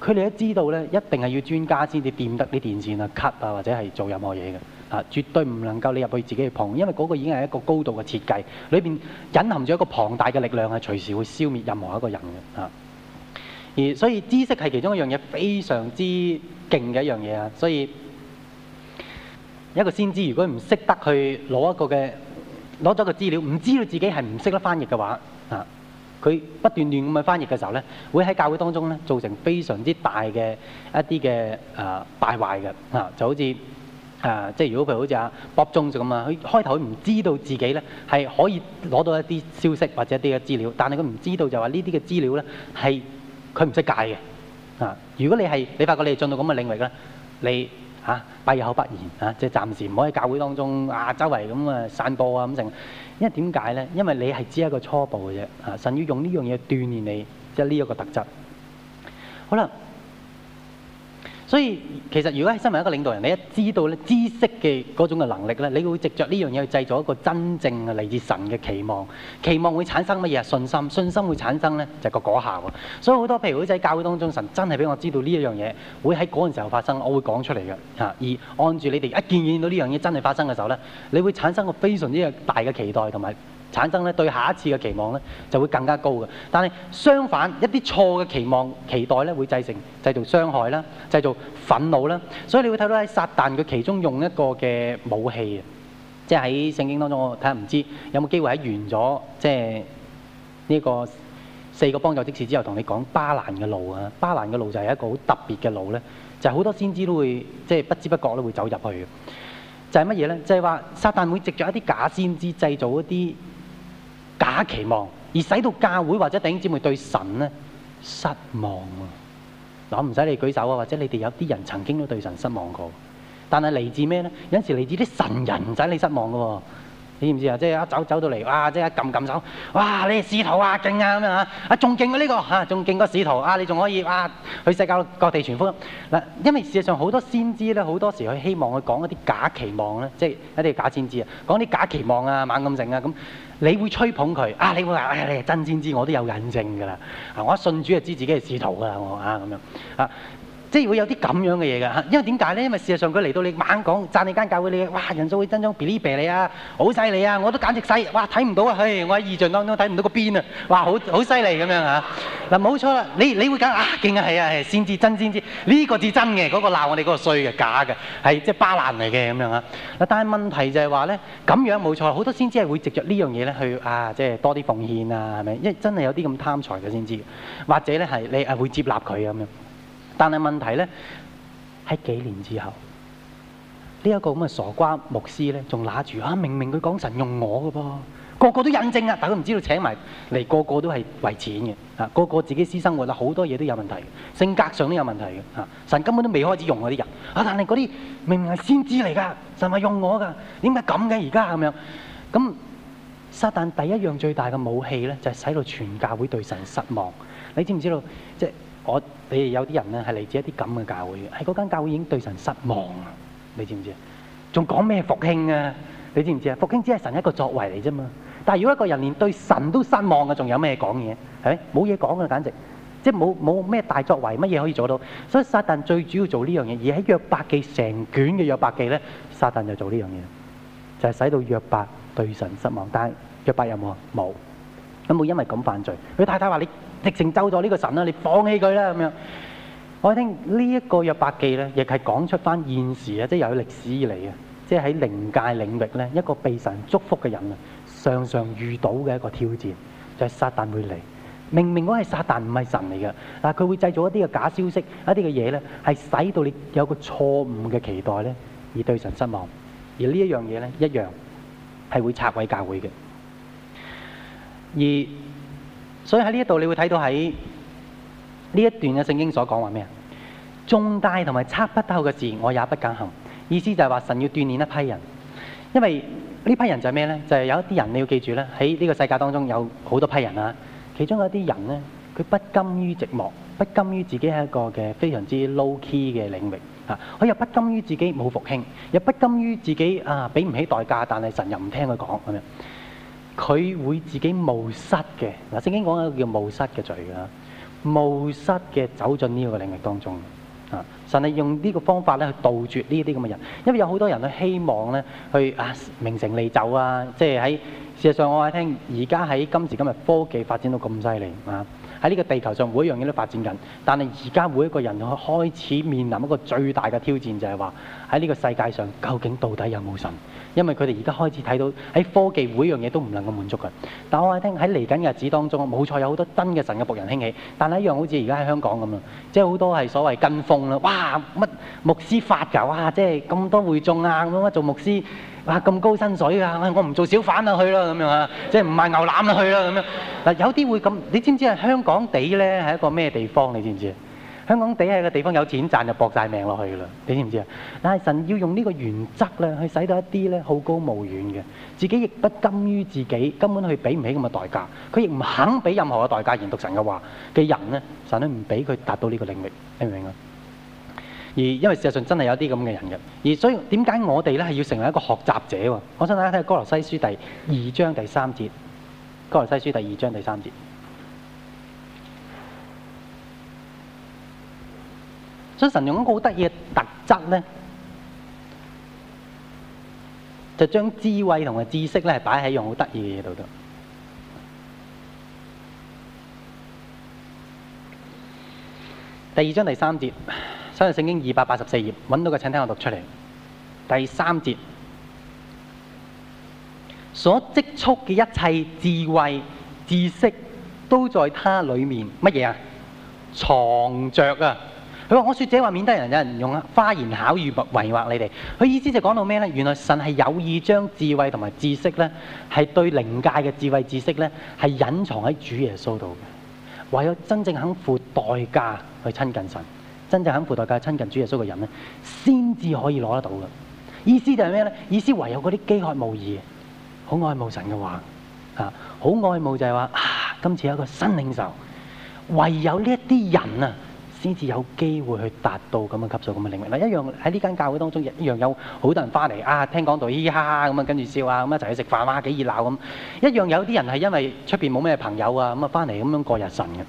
佢哋都知道呢，一定係要專家先至掂得啲電線啊、cut 啊，或者係做任何嘢嘅嚇，絕對唔能夠你入去自己去碰，因為嗰個已經係一個高度嘅設計，裏面隱含咗一個龐大嘅力量，係隨時會消滅任何一個人嘅嚇、啊。而所以知識係其中一樣嘢非常之勁嘅一樣嘢啊，所以一個先知如果唔識得去攞一個嘅。攞咗個資料，唔知道自己係唔識得翻譯嘅話，啊，佢不斷亂咁去翻譯嘅時候咧，會喺教會當中咧造成非常之大嘅一啲嘅啊敗壞嘅，啊就好似啊即係、就是、如果譬如好似阿啊卜眾咁啊，佢開頭佢唔知道自己咧係可以攞到一啲消息或者一啲嘅資料，但係佢唔知道就話呢啲嘅資料咧係佢唔識解嘅，啊如果你係你發覺你係進入咁嘅領域嘅咧，你。吓、啊、閉口不言啊，即係暫時唔可以喺教會當中啊，周圍咁啊散播啊咁成，因為點解咧？因為你係只有一個初步嘅，啫啊，神要用呢樣嘢鍛煉你，即係呢一個特質。好啦。所以其實，如果係身為一個領導人，你一知道咧知識嘅嗰種嘅能力咧，你會藉着呢樣嘢去製造一個真正嘅來自神嘅期望。期望會產生乜嘢？信心。信心會產生咧，就係個果效喎。所以好多譬如喺教會當中，神真係俾我知道呢一樣嘢，會喺嗰陣時候發生，我會講出嚟嘅嚇。而按住你哋一見到呢樣嘢真係發生嘅時候咧，你會產生個非常之大嘅期待同埋。產生咧對下一次嘅期望咧就會更加高嘅，但係相反一啲錯嘅期望期待咧會製成製造傷害啦，製造憤怒啦，所以你會睇到喺撒旦佢其中用一個嘅武器啊，即係喺聖經當中，我睇下唔知有冇機會喺完咗即係呢個四個幫助職事之後同你講巴蘭嘅路啊，巴蘭嘅路就係一個好特別嘅路咧，就係好多先知都會即係不知不覺咧會走入去嘅，就係乜嘢咧？就係話撒旦會藉着一啲假先知製造一啲。假期望而使到教會或者弟兄姊妹對神咧失望。嗱，唔使你舉手啊，或者你哋有啲人曾經都對神失望過，但係嚟自咩咧？有陣時嚟自啲神人唔使你失望噶，你知唔知啊？即係一走走到嚟，哇！即係一撳撳手，哇！你使徒啊，勁啊咁樣啊，啊仲勁過呢個吓，仲勁過使徒啊，你仲可以啊去世界各地傳福音嗱。因為事實上好多先知咧，好多時佢希望佢講一啲假期望咧，即係一啲假先知啊，講啲假期望啊，猛咁整啊咁。.你會吹捧佢啊！你會話：「哎呀，你係真先知，我都有印證噶啦。啊，我一信主就知自己係使徒噶啦。我啊咁樣啊。即係會有啲咁樣嘅嘢㗎，因為點解咧？因為事實上佢嚟到你猛講讚你間教會，你哇人數會增長，比你比你啊，好犀利啊，我都簡直犀利，哇睇唔到啊，唉，我喺意象當中睇唔到個邊啊，哇，好好犀利咁樣啊。嗱，冇錯啦，你你會講啊勁啊係啊係、啊，先至真先知呢個至真嘅，嗰個鬧我哋嗰個衰嘅假嘅，係即係巴蘭嚟嘅咁樣啊，嗱，但係問題就係話咧咁樣冇錯，好多先知係會藉着呢樣嘢咧去啊，即係多啲奉獻啊，係咪？因為真係有啲咁貪財嘅先知，或者咧係你係會接納佢咁樣。但係問題咧，喺幾年之後，呢、這、一個咁嘅傻瓜牧師咧，仲拿住啊！明明佢講神用我嘅噃，個個都印證啊！但係佢唔知道請埋嚟個個都係為錢嘅啊！個個自己私生活啦，好多嘢都有問題嘅，性格上都有問題嘅啊！神根本都未開始用嗰啲人啊！但係嗰啲明明係先知嚟噶，神係用我噶，點解咁嘅而家咁樣？咁撒旦第一樣最大嘅武器咧，就係、是、使到全教會對神失望。你知唔知道即係？我你哋有啲人咧，係嚟自一啲咁嘅教會，喺嗰間教會已經對神失望啊！你知唔知？仲講咩復興啊？你知唔知啊？復興只係神一個作為嚟啫嘛。但係如果一個人連對神都失望嘅，仲有咩講嘢？係咪？冇嘢講啦，簡直即係冇冇咩大作為，乜嘢可以做到？所以撒但最主要做呢樣嘢，而喺約伯記成卷嘅約伯記咧，撒但就做呢樣嘢，就係使到約伯對神失望。但係約伯有冇啊？冇有冇因為咁犯罪？佢太太話你。直情咒咗呢個神啦，你放棄佢啦咁樣。我聽呢一個約伯記呢，亦係講出翻現時啊，即係由歷史以嚟嘅，即係喺靈界領域呢，一個被神祝福嘅人啊，常常遇到嘅一個挑戰就係撒旦會嚟。明明嗰係撒旦唔係神嚟嘅，但佢會製造一啲嘅假消息，一啲嘅嘢呢，係使到你有個錯誤嘅期待呢，而對神失望。而呢一樣嘢呢，一樣係會拆毀教會嘅。而所以喺呢一度，你會睇到喺呢一段嘅聖經所講話咩啊？重大同埋測不透嘅事，我也不敢行。意思就係話神要鍛煉一批人，因為呢批人就係咩呢？就係、是、有一啲人你要記住咧，喺呢個世界當中有好多批人啊。其中有一啲人呢，佢不甘於寂寞，不甘於自己係一個嘅非常之 low key 嘅領域。佢又不甘於自己冇復興，又不甘於自己啊俾唔起代價，但係神又唔聽佢講咁樣。佢會自己冒失嘅，嗱《聖經》講一個叫冒失嘅罪啦，冒失嘅走進呢個領域當中，啊，神係用呢個方法咧去杜絕呢啲咁嘅人，因為有好多人都希望咧去啊名成利就啊，即係喺事實上我話你聽，而家喺今時今日科技發展到咁犀利啊，喺呢個地球上每一樣嘢都發展緊，但係而家每一個人佢開始面臨一個最大嘅挑戰就係話喺呢個世界上究竟到底有冇神？因為佢哋而家開始睇到喺科技會一樣嘢都唔能夠滿足嘅，但我係聽喺嚟緊嘅日子當中，冇錯有好多真嘅神嘅僕人興起，但係一樣好似而家喺香港咁啦，即係好多係所謂跟風啦，哇乜牧師發㗎，哇即係咁多會眾啊，咁樣做牧師，哇咁高薪水啊，我唔做小販啦去啦咁樣啊，即係唔賣牛腩啦去啦咁樣，嗱有啲會咁，你知唔知係香港地咧係一個咩地方？你知唔知？香港地喺個地方有錢賺就搏晒命落去噶啦，你知唔知啊？但係神要用呢個原則咧，去使到一啲咧好高騖遠嘅，自己亦不甘於自己，根本去俾唔起咁嘅代價，佢亦唔肯俾任何嘅代價研讀神嘅話嘅人咧，神都唔俾佢達到呢個領域，你明唔明啊？而因為事實上真係有啲咁嘅人嘅，而所以點解我哋咧係要成為一個學習者？我想大家睇《哥羅西書》第二章第三節，《哥羅西書》第二章第三節。所以神用一個好得意嘅特質咧，就將智慧同埋知識咧，係擺喺一樣好得意嘅嘢度。第二章第三節，相信聖經二百八十四頁，揾到個，請聽我讀出嚟。第三節，所積蓄嘅一切智慧、知識，都在他裏面。乜嘢啊？藏着啊！佢話：我説這話，免得有人有人用花言巧語迷惑你哋。佢意思就講到咩呢？原來神係有意將智慧同埋知識呢，係對靈界嘅智慧知識呢，係隱藏喺主耶穌度嘅。唯有真正肯付代價去親近神，真正肯付代價親近主耶穌嘅人呢，先至可以攞得到嘅。意思就係咩呢？意思唯有嗰啲飢渴慕義、好愛慕神嘅話嚇，好愛慕就係話啊，今次有一個新領袖，唯有呢一啲人啊，先至有機會去達到咁嘅級數、咁嘅領域。嗱，一樣喺呢間教會當中，一樣有好多人翻嚟啊，聽講道嘻嘻哈哈咁啊，跟住笑啊，咁一齊去食飯啊，幾熱鬧咁。一樣有啲人係因為出邊冇咩朋友啊，咁啊翻嚟咁樣過日神嘅。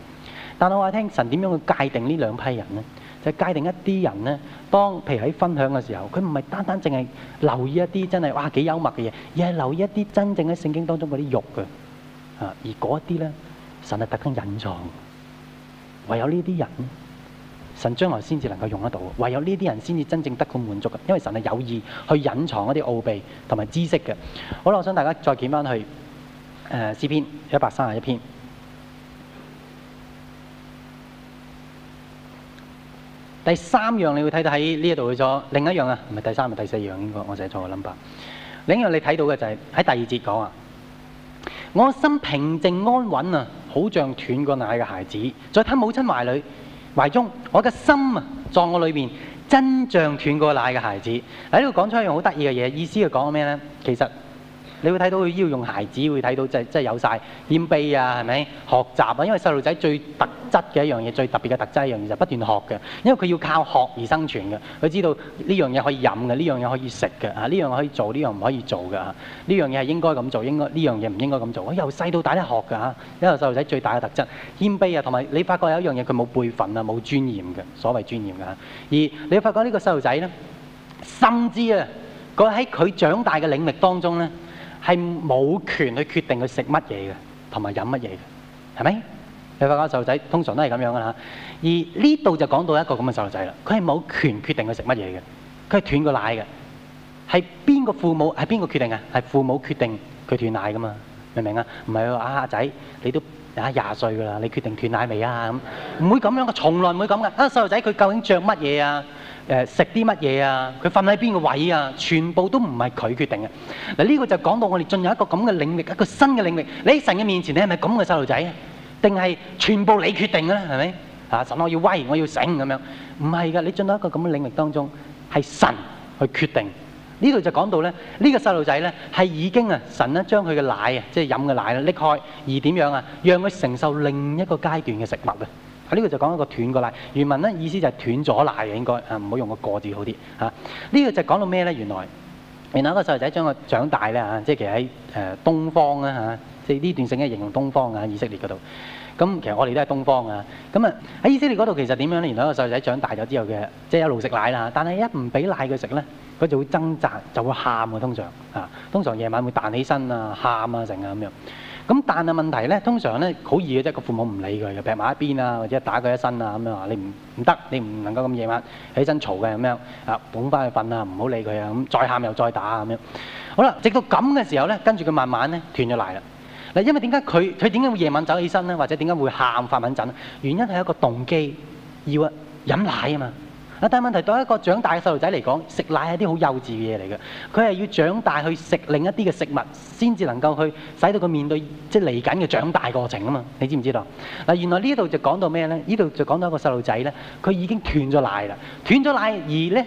但係我話聽神點樣去界定呢兩批人呢？就係、界定一啲人呢，當譬如喺分享嘅時候，佢唔係單單淨係留意一啲真係哇幾幽默嘅嘢，而係留意一啲真正喺聖經當中嗰啲肉嘅、啊、而嗰啲呢，神係特登隱藏，唯有這些呢啲人。神將來先至能夠用得到，唯有呢啲人先至真正得到滿足。因為神係有意去隱藏一啲奧秘同埋知識嘅。好啦，我想大家再見翻去誒詩篇一百三十一篇。第三樣你會睇到喺呢一度去咗另一樣啊，唔係第三係第四樣應該，我寫錯 number。另一樣你睇到嘅就係喺第二節講啊，我心平靜安穩啊，好像斷過奶嘅孩子，在他母親懷裡。懷中，我嘅心啊，在我裏面，真像斷過奶嘅孩子。喺呢度講出一樣好得意嘅嘢，意思係講咩咧？其實。你會睇到佢要用孩子會睇到，即係有晒謙卑啊，係咪學習啊？因為細路仔最特質嘅一樣嘢，最特別嘅特質一樣嘢就係不斷學嘅，因為佢要靠學而生存嘅。佢知道呢樣嘢可以飲嘅，呢樣嘢可以食嘅，啊，呢樣可以做，呢樣唔可以做嘅，呢樣嘢係應該咁做，應該呢樣嘢唔應該咁做。由細到大都學㗎嚇，因為細路仔最大嘅特質謙卑啊，同埋你發覺有一樣嘢佢冇輩分啊，冇尊嚴嘅，所謂尊嚴㗎，而你發覺呢個細路仔呢，甚至啊，佢喺佢長大嘅領域當中呢。係冇權去決定佢食乜嘢嘅，同埋飲乜嘢嘅，係咪？你發覺個細路仔通常都係咁樣嘅嚇。而呢度就講到一個咁嘅細路仔啦，佢係冇權決定佢食乜嘢嘅，佢係斷過奶嘅，係邊個父母係邊個決定啊？係父母決定佢斷奶噶嘛？明唔明啊？唔係啊，阿仔，你都啊廿歲噶啦，你決定斷奶未啊？咁唔會咁樣嘅，從來唔會咁嘅。啊，細路仔佢究竟着乜嘢啊？誒食啲乜嘢啊？佢瞓喺邊個位啊？全部都唔係佢決定嘅。嗱呢個就講到我哋進入一個咁嘅領域，一個新嘅領域。你喺神嘅面前，你係咪咁嘅細路仔啊？定係全部你決定嘅咧？係咪啊？神我要威，我要醒咁樣，唔係㗎。你進入一個咁嘅領域當中，係神去決定。呢度就講到咧，呢個細路仔咧係已經啊，神咧將佢嘅奶啊，即係飲嘅奶啊，拎開而點樣啊，讓佢承受另一個階段嘅食物嘅。呢、啊呢個就講一個斷個奶，原文咧意思就係斷咗奶嘅應該，啊唔好用個個字好啲嚇。呢、啊呢個就講到咩咧？原來原來個細路仔將佢長大咧嚇、啊，即係其實喺誒、呃、東方啦嚇、啊啊，即係呢段性嘅形容東方啊，以色列嗰度。咁、啊、其實我哋都係東方啊。咁啊喺以色列嗰度其實點樣咧？原來個細路仔長大咗之後嘅，即係一路食奶啦、啊。但係一唔俾奶佢食咧，佢就會掙扎，就會喊啊。通常嚇、啊。通常夜晚會彈起身啊，喊啊成啊咁樣。咁但係問題呢，通常呢，好易嘅啫，個父母唔理佢嘅，劈埋一邊啊，或者打佢一身啊，咁樣話你唔唔得，你唔能夠咁夜晚起身嘈嘅咁樣，捧返佢瞓啦，唔好理佢啊，咁再喊又再打咁樣。好啦，直到咁嘅時候呢，跟住佢慢慢呢斷咗奶啦。因為點解佢佢點解會夜晚走起身咧，或者點解會喊發緊震？原因係一個動機，要飲奶啊嘛。但係問題，對一個長大嘅細路仔嚟講，食奶係啲好幼稚嘅嘢嚟嘅。佢係要長大去食另一啲嘅食物，先至能夠去使到佢面對即係嚟緊嘅長大過程啊嘛！你知唔知道？嗱，原來呢度就講到咩呢？呢度就講到一個細路仔呢，佢已經斷咗奶啦，斷咗奶而呢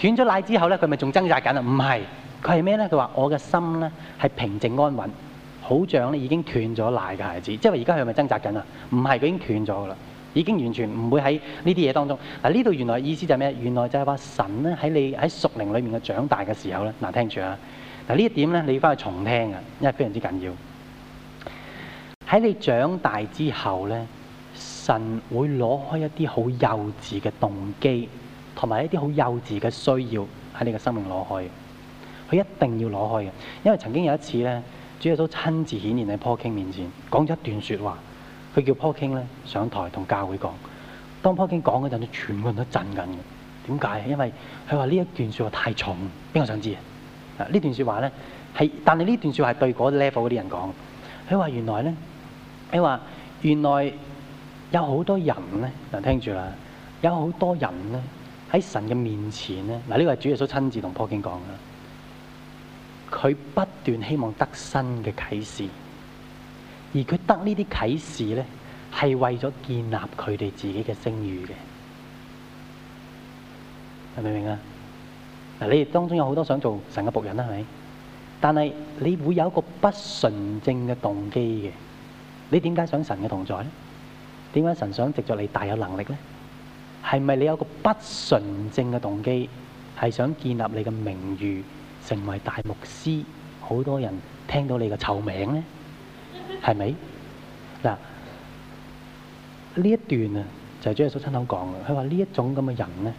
斷咗奶之後呢，佢咪仲掙扎緊啊？唔係，佢係咩呢？佢話：我嘅心呢係平靜安穩，好像咧已經斷咗奶嘅孩子，即係話而家佢係咪掙扎緊啊？唔係，佢已經斷咗噶啦。已經完全唔會喺呢啲嘢當中。嗱，呢度原來意思就係咩？原來就係話神咧喺你喺屬靈裡面嘅長大嘅時候咧，嗱聽住啊！嗱呢一點咧，你要返去重聽啊，因為非常之緊要。喺你長大之後咧，神會攞開一啲好幼稚嘅動機同埋一啲好幼稚嘅需要喺你嘅生命攞開。佢一定要攞開嘅，因為曾經有一次咧，主耶穌親自顯現喺坡京面前，講咗一段説話。佢叫 Paul King 咧上台同教會講，當 Paul King 講嗰陣，全部人都震緊嘅。點解？因為佢話呢一段說話太重。邊個想知啊？呢段說話咧係，但係呢段說話係對嗰 level 嗰啲人講。佢話原來咧，佢話原來有好多人咧，嗱聽住啦，有好多人咧喺神嘅面前咧，嗱、這、呢個係主耶穌親自同 Paul King 講噶。佢不斷希望得新嘅啟示。而佢得呢啲啟示呢，係為咗建立佢哋自己嘅聲譽嘅，明唔明啊？嗱，你哋當中有好多想做神嘅僕人啦，係咪？但係你會有一個不純正嘅動機嘅。你點解想神嘅同在呢？點解神想藉著你大有能力呢？係咪你有一個不純正嘅動機，係想建立你嘅名譽，成為大牧師，好多人聽到你嘅臭名呢？係咪嗱？呢一段啊，就係主耶穌親口講嘅。佢話呢一種咁嘅人咧，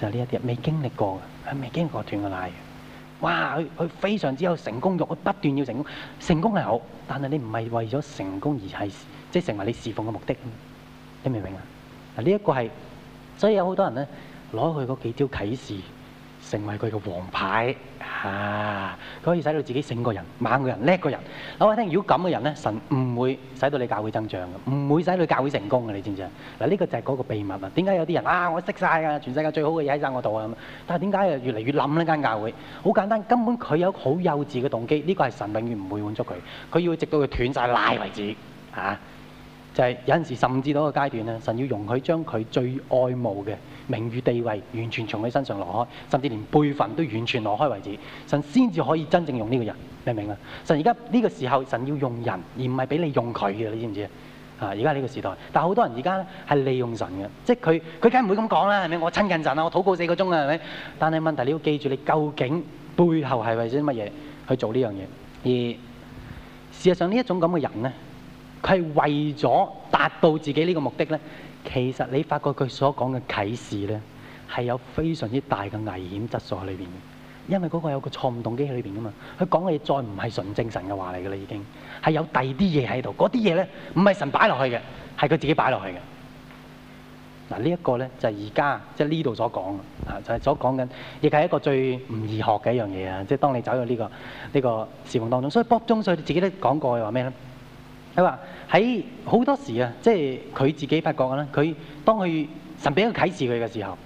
就係呢一啲未經歷過嘅，佢未經歷過斷過奶嘅。哇！佢佢非常之有成功欲，佢不斷要成功。成功係好，但係你唔係為咗成功而係即係成為你侍奉嘅目的。你明唔明啊？嗱，呢一個係，所以有好多人咧攞佢嗰幾招啟示。成為佢嘅王牌啊！佢可以使到自己醒個人、猛個人、叻個人。好我聽，如果咁嘅人咧，神唔會使到你教會增長嘅，唔會使到教會成功嘅，你知唔知啊？嗱，呢個就係嗰個秘密啊！點解有啲人啊，我識晒啊，全世界最好嘅嘢喺曬我度啊！但係點解啊，越嚟越冧呢間教會？好簡單，根本佢有好幼稚嘅動機，呢、呢個係神永遠唔會滿足佢。佢要直到佢斷晒奶為止啊！就係、是、有陣時，甚至到個階段咧，神要容許將佢最愛慕嘅。名譽地位完全從佢身上攞開，甚至連輩份都完全攞開為止，神先至可以真正用呢個人，明唔明啊？神而家呢個時候，神要用人，而唔係俾你用佢嘅，你知唔知啊？而家呢個時代，但係好多人而家咧係利用神嘅，即係佢佢梗唔會咁講啦，係咪？我親近神啊，我禱告四個鐘啊，係咪？但係問題是你要記住，你究竟背後係為咗乜嘢去做呢樣嘢？而事實上呢一種咁嘅人咧，佢係為咗達到自己呢個目的咧。其實你發覺佢所講嘅啟示咧，係有非常之大嘅危險質素喺裏邊嘅，因為嗰個有個錯誤動機喺裏邊噶嘛。佢講嘅嘢再唔係純正神嘅話嚟噶啦，已經係有第二啲嘢喺度。嗰啲嘢咧唔係神擺落去嘅，係佢自己擺落去嘅。嗱、啊這個、呢一個咧就係而家即係呢度所講啊，就係、是、所講緊，亦係一個最唔易學嘅一樣嘢啊！即、就、係、是、當你走入呢、這個呢、這個視覺當中，所以卜中瑞自己都講過話咩咧？佢話。喺好多時啊，即係佢自己發覺嘅啦。佢當佢神俾一個啟示佢嘅時候，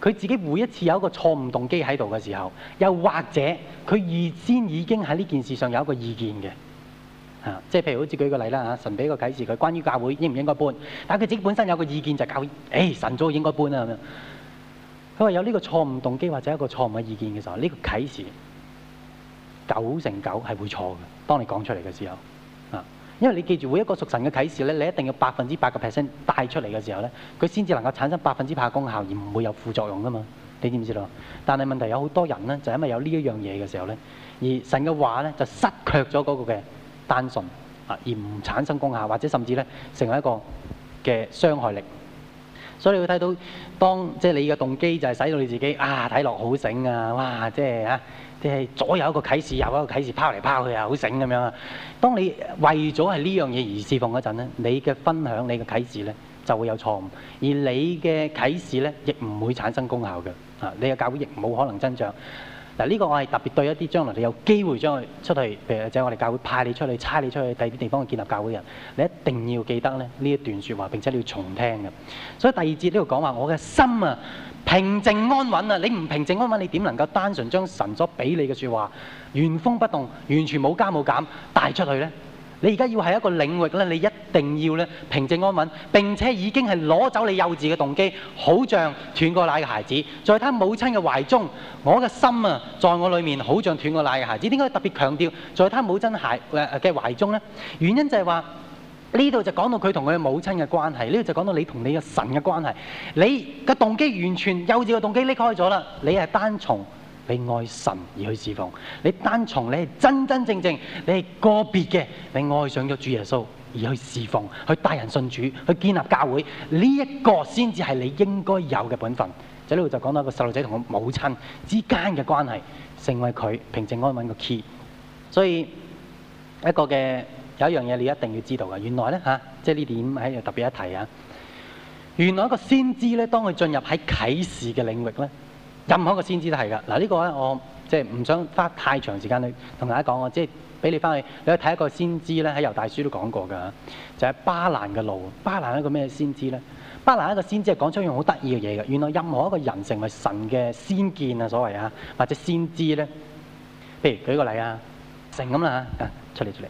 佢自己每一次有一個錯誤動機喺度嘅時候，又或者佢預先已經喺呢件事上有一個意見嘅，啊，即係譬如好似舉個例啦嚇，神俾一個啟示佢關於教會應唔應該搬，但係佢自己本身有個意見就教會，哎，神早應該搬啊！」咁樣。佢話有呢個錯誤動機或者有一個錯誤嘅意見嘅時候，呢個啟示九成九係會錯嘅。當你講出嚟嘅時候。因為你記住每一個屬神嘅啟示咧，你一定要百分之百嘅 percent 帶出嚟嘅時候咧，佢先至能夠產生百分之百功效，而唔會有副作用噶嘛。你知唔知道？但係問題有好多人咧，就是、因為有呢一樣嘢嘅時候咧，而神嘅話咧就失卻咗嗰個嘅單純啊，而唔產生功效，或者甚至咧成為一個嘅傷害力。所以你會睇到，當即係、就是、你嘅動機就係使到你自己啊睇落好醒啊，哇！即係嚇。即係左右一個啟示，右一個啟示，拋嚟拋去啊，好醒咁樣啊！當你為咗係呢樣嘢而侍奉嗰陣咧，你嘅分享、你嘅啟示咧就會有錯誤，而你嘅啟示咧亦唔會產生功效嘅。啊，你嘅教會亦冇可能增長。嗱，呢個我係特別對一啲將來你有機會將佢出去，譬如，即係我哋教會派你出去，差你出去第啲地方去建立教會嘅人，你一定要記得咧呢一段説話，並且你要重聽嘅。所以第二節呢度講話，我嘅心啊。平靜安穩啊！你唔平靜安穩，你點能夠單純將神所畀你嘅說話原封不動、完全冇加冇減帶出去呢？你而家要喺一個領域呢，你一定要呢平靜安穩，並且已經係攞走你幼稚嘅動機，好像斷過奶嘅孩子，在他母親嘅懷中，我嘅心啊，在我裏面好像斷過奶嘅孩子。點解特別強調在他母親的嘅懷中呢？原因就係話。呢度就講到佢同佢嘅母親嘅關係，呢度就講到你同你嘅神嘅關係，你嘅動機完全幼稚嘅動機，搦開咗啦，你係單從你愛神而去侍奉，你單從你係真真正正，你係個別嘅，你愛上咗主耶穌而去侍奉，去帶人信主，去建立教會，呢一個先至係你應該有嘅本分。就呢度就講到一個細路仔同佢母親之間嘅關係，成為佢平靜安穩嘅 key。所以一個嘅。有一樣嘢你一定要知道嘅，原來咧嚇，即係呢點喺特別一提啊！原來一個先知咧，當佢進入喺啟示嘅領域咧，任何一個先知都係㗎。嗱、這、呢個咧，我即係唔想花太長時間去同大家講，我即係俾你翻去，你去睇一個先知咧喺《猶大書》都講過嘅，就係、是、巴蘭嘅路。巴蘭係一個咩先知咧？巴蘭一個先知係講出一樣好得意嘅嘢嘅。原來任何一個人成為神嘅先見啊所謂啊，或者先知咧，譬如舉個例啊，成咁啦嚇，出嚟出嚟。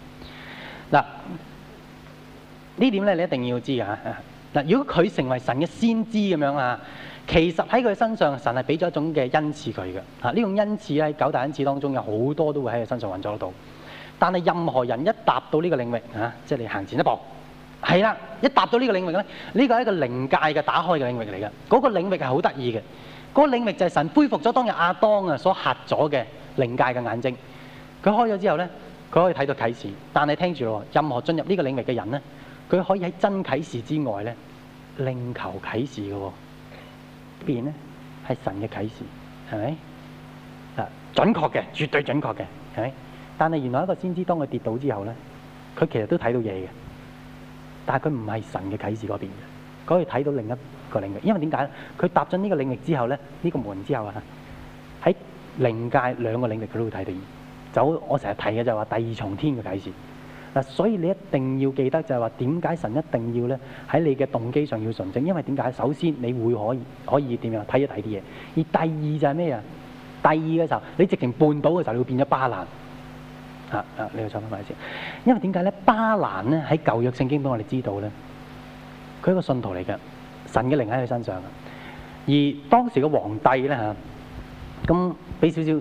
嗱，呢點咧你一定要知啊！嗱，如果佢成為神嘅先知咁樣啊，其實喺佢身上，神係俾咗一種嘅恩賜佢嘅。啊，呢種恩賜咧，九大恩賜當中有好多都會喺佢身上運作得到。但係任何人一踏到呢個領域啊，即係你行前一步，係啦，一踏到呢個領域咧，呢個係一個靈界嘅打開嘅領域嚟嘅。嗰個領域係好得意嘅，嗰個領域就係神恢復咗當日亞當啊所瞎咗嘅靈界嘅眼睛。佢開咗之後咧。佢可以睇到啟示，但係聽住喎，任何進入呢個領域嘅人咧，佢可以喺真啟示之外咧，另求啟示嘅喎。嗰邊咧係神嘅啟示，係咪？啊，準確嘅，絕對準確嘅，係咪？但係原來一個先知當佢跌倒之後咧，佢其實都睇到嘢嘅，但係佢唔係神嘅啟示嗰邊嘅，佢可以睇到另一個領域。因為點解咧？佢踏進呢個領域之後咧，呢個門之後啊，喺靈界兩個領域佢都會睇到嘢。我就我成日提嘅就話第二重天嘅解釋嗱，所以你一定要記得就係話點解神一定要咧喺你嘅動機上要純正，因為點解？首先你會可以可以點樣睇一睇啲嘢，而第二就係咩啊？第二嘅時候你直情絆倒嘅時候你會變咗巴蘭啊啊！你再諗下先，因為點解咧？巴蘭咧喺舊約聖經都我哋知道咧，佢係一個信徒嚟嘅，神嘅靈喺佢身上嘅，而當時嘅皇帝咧吓，咁俾少少。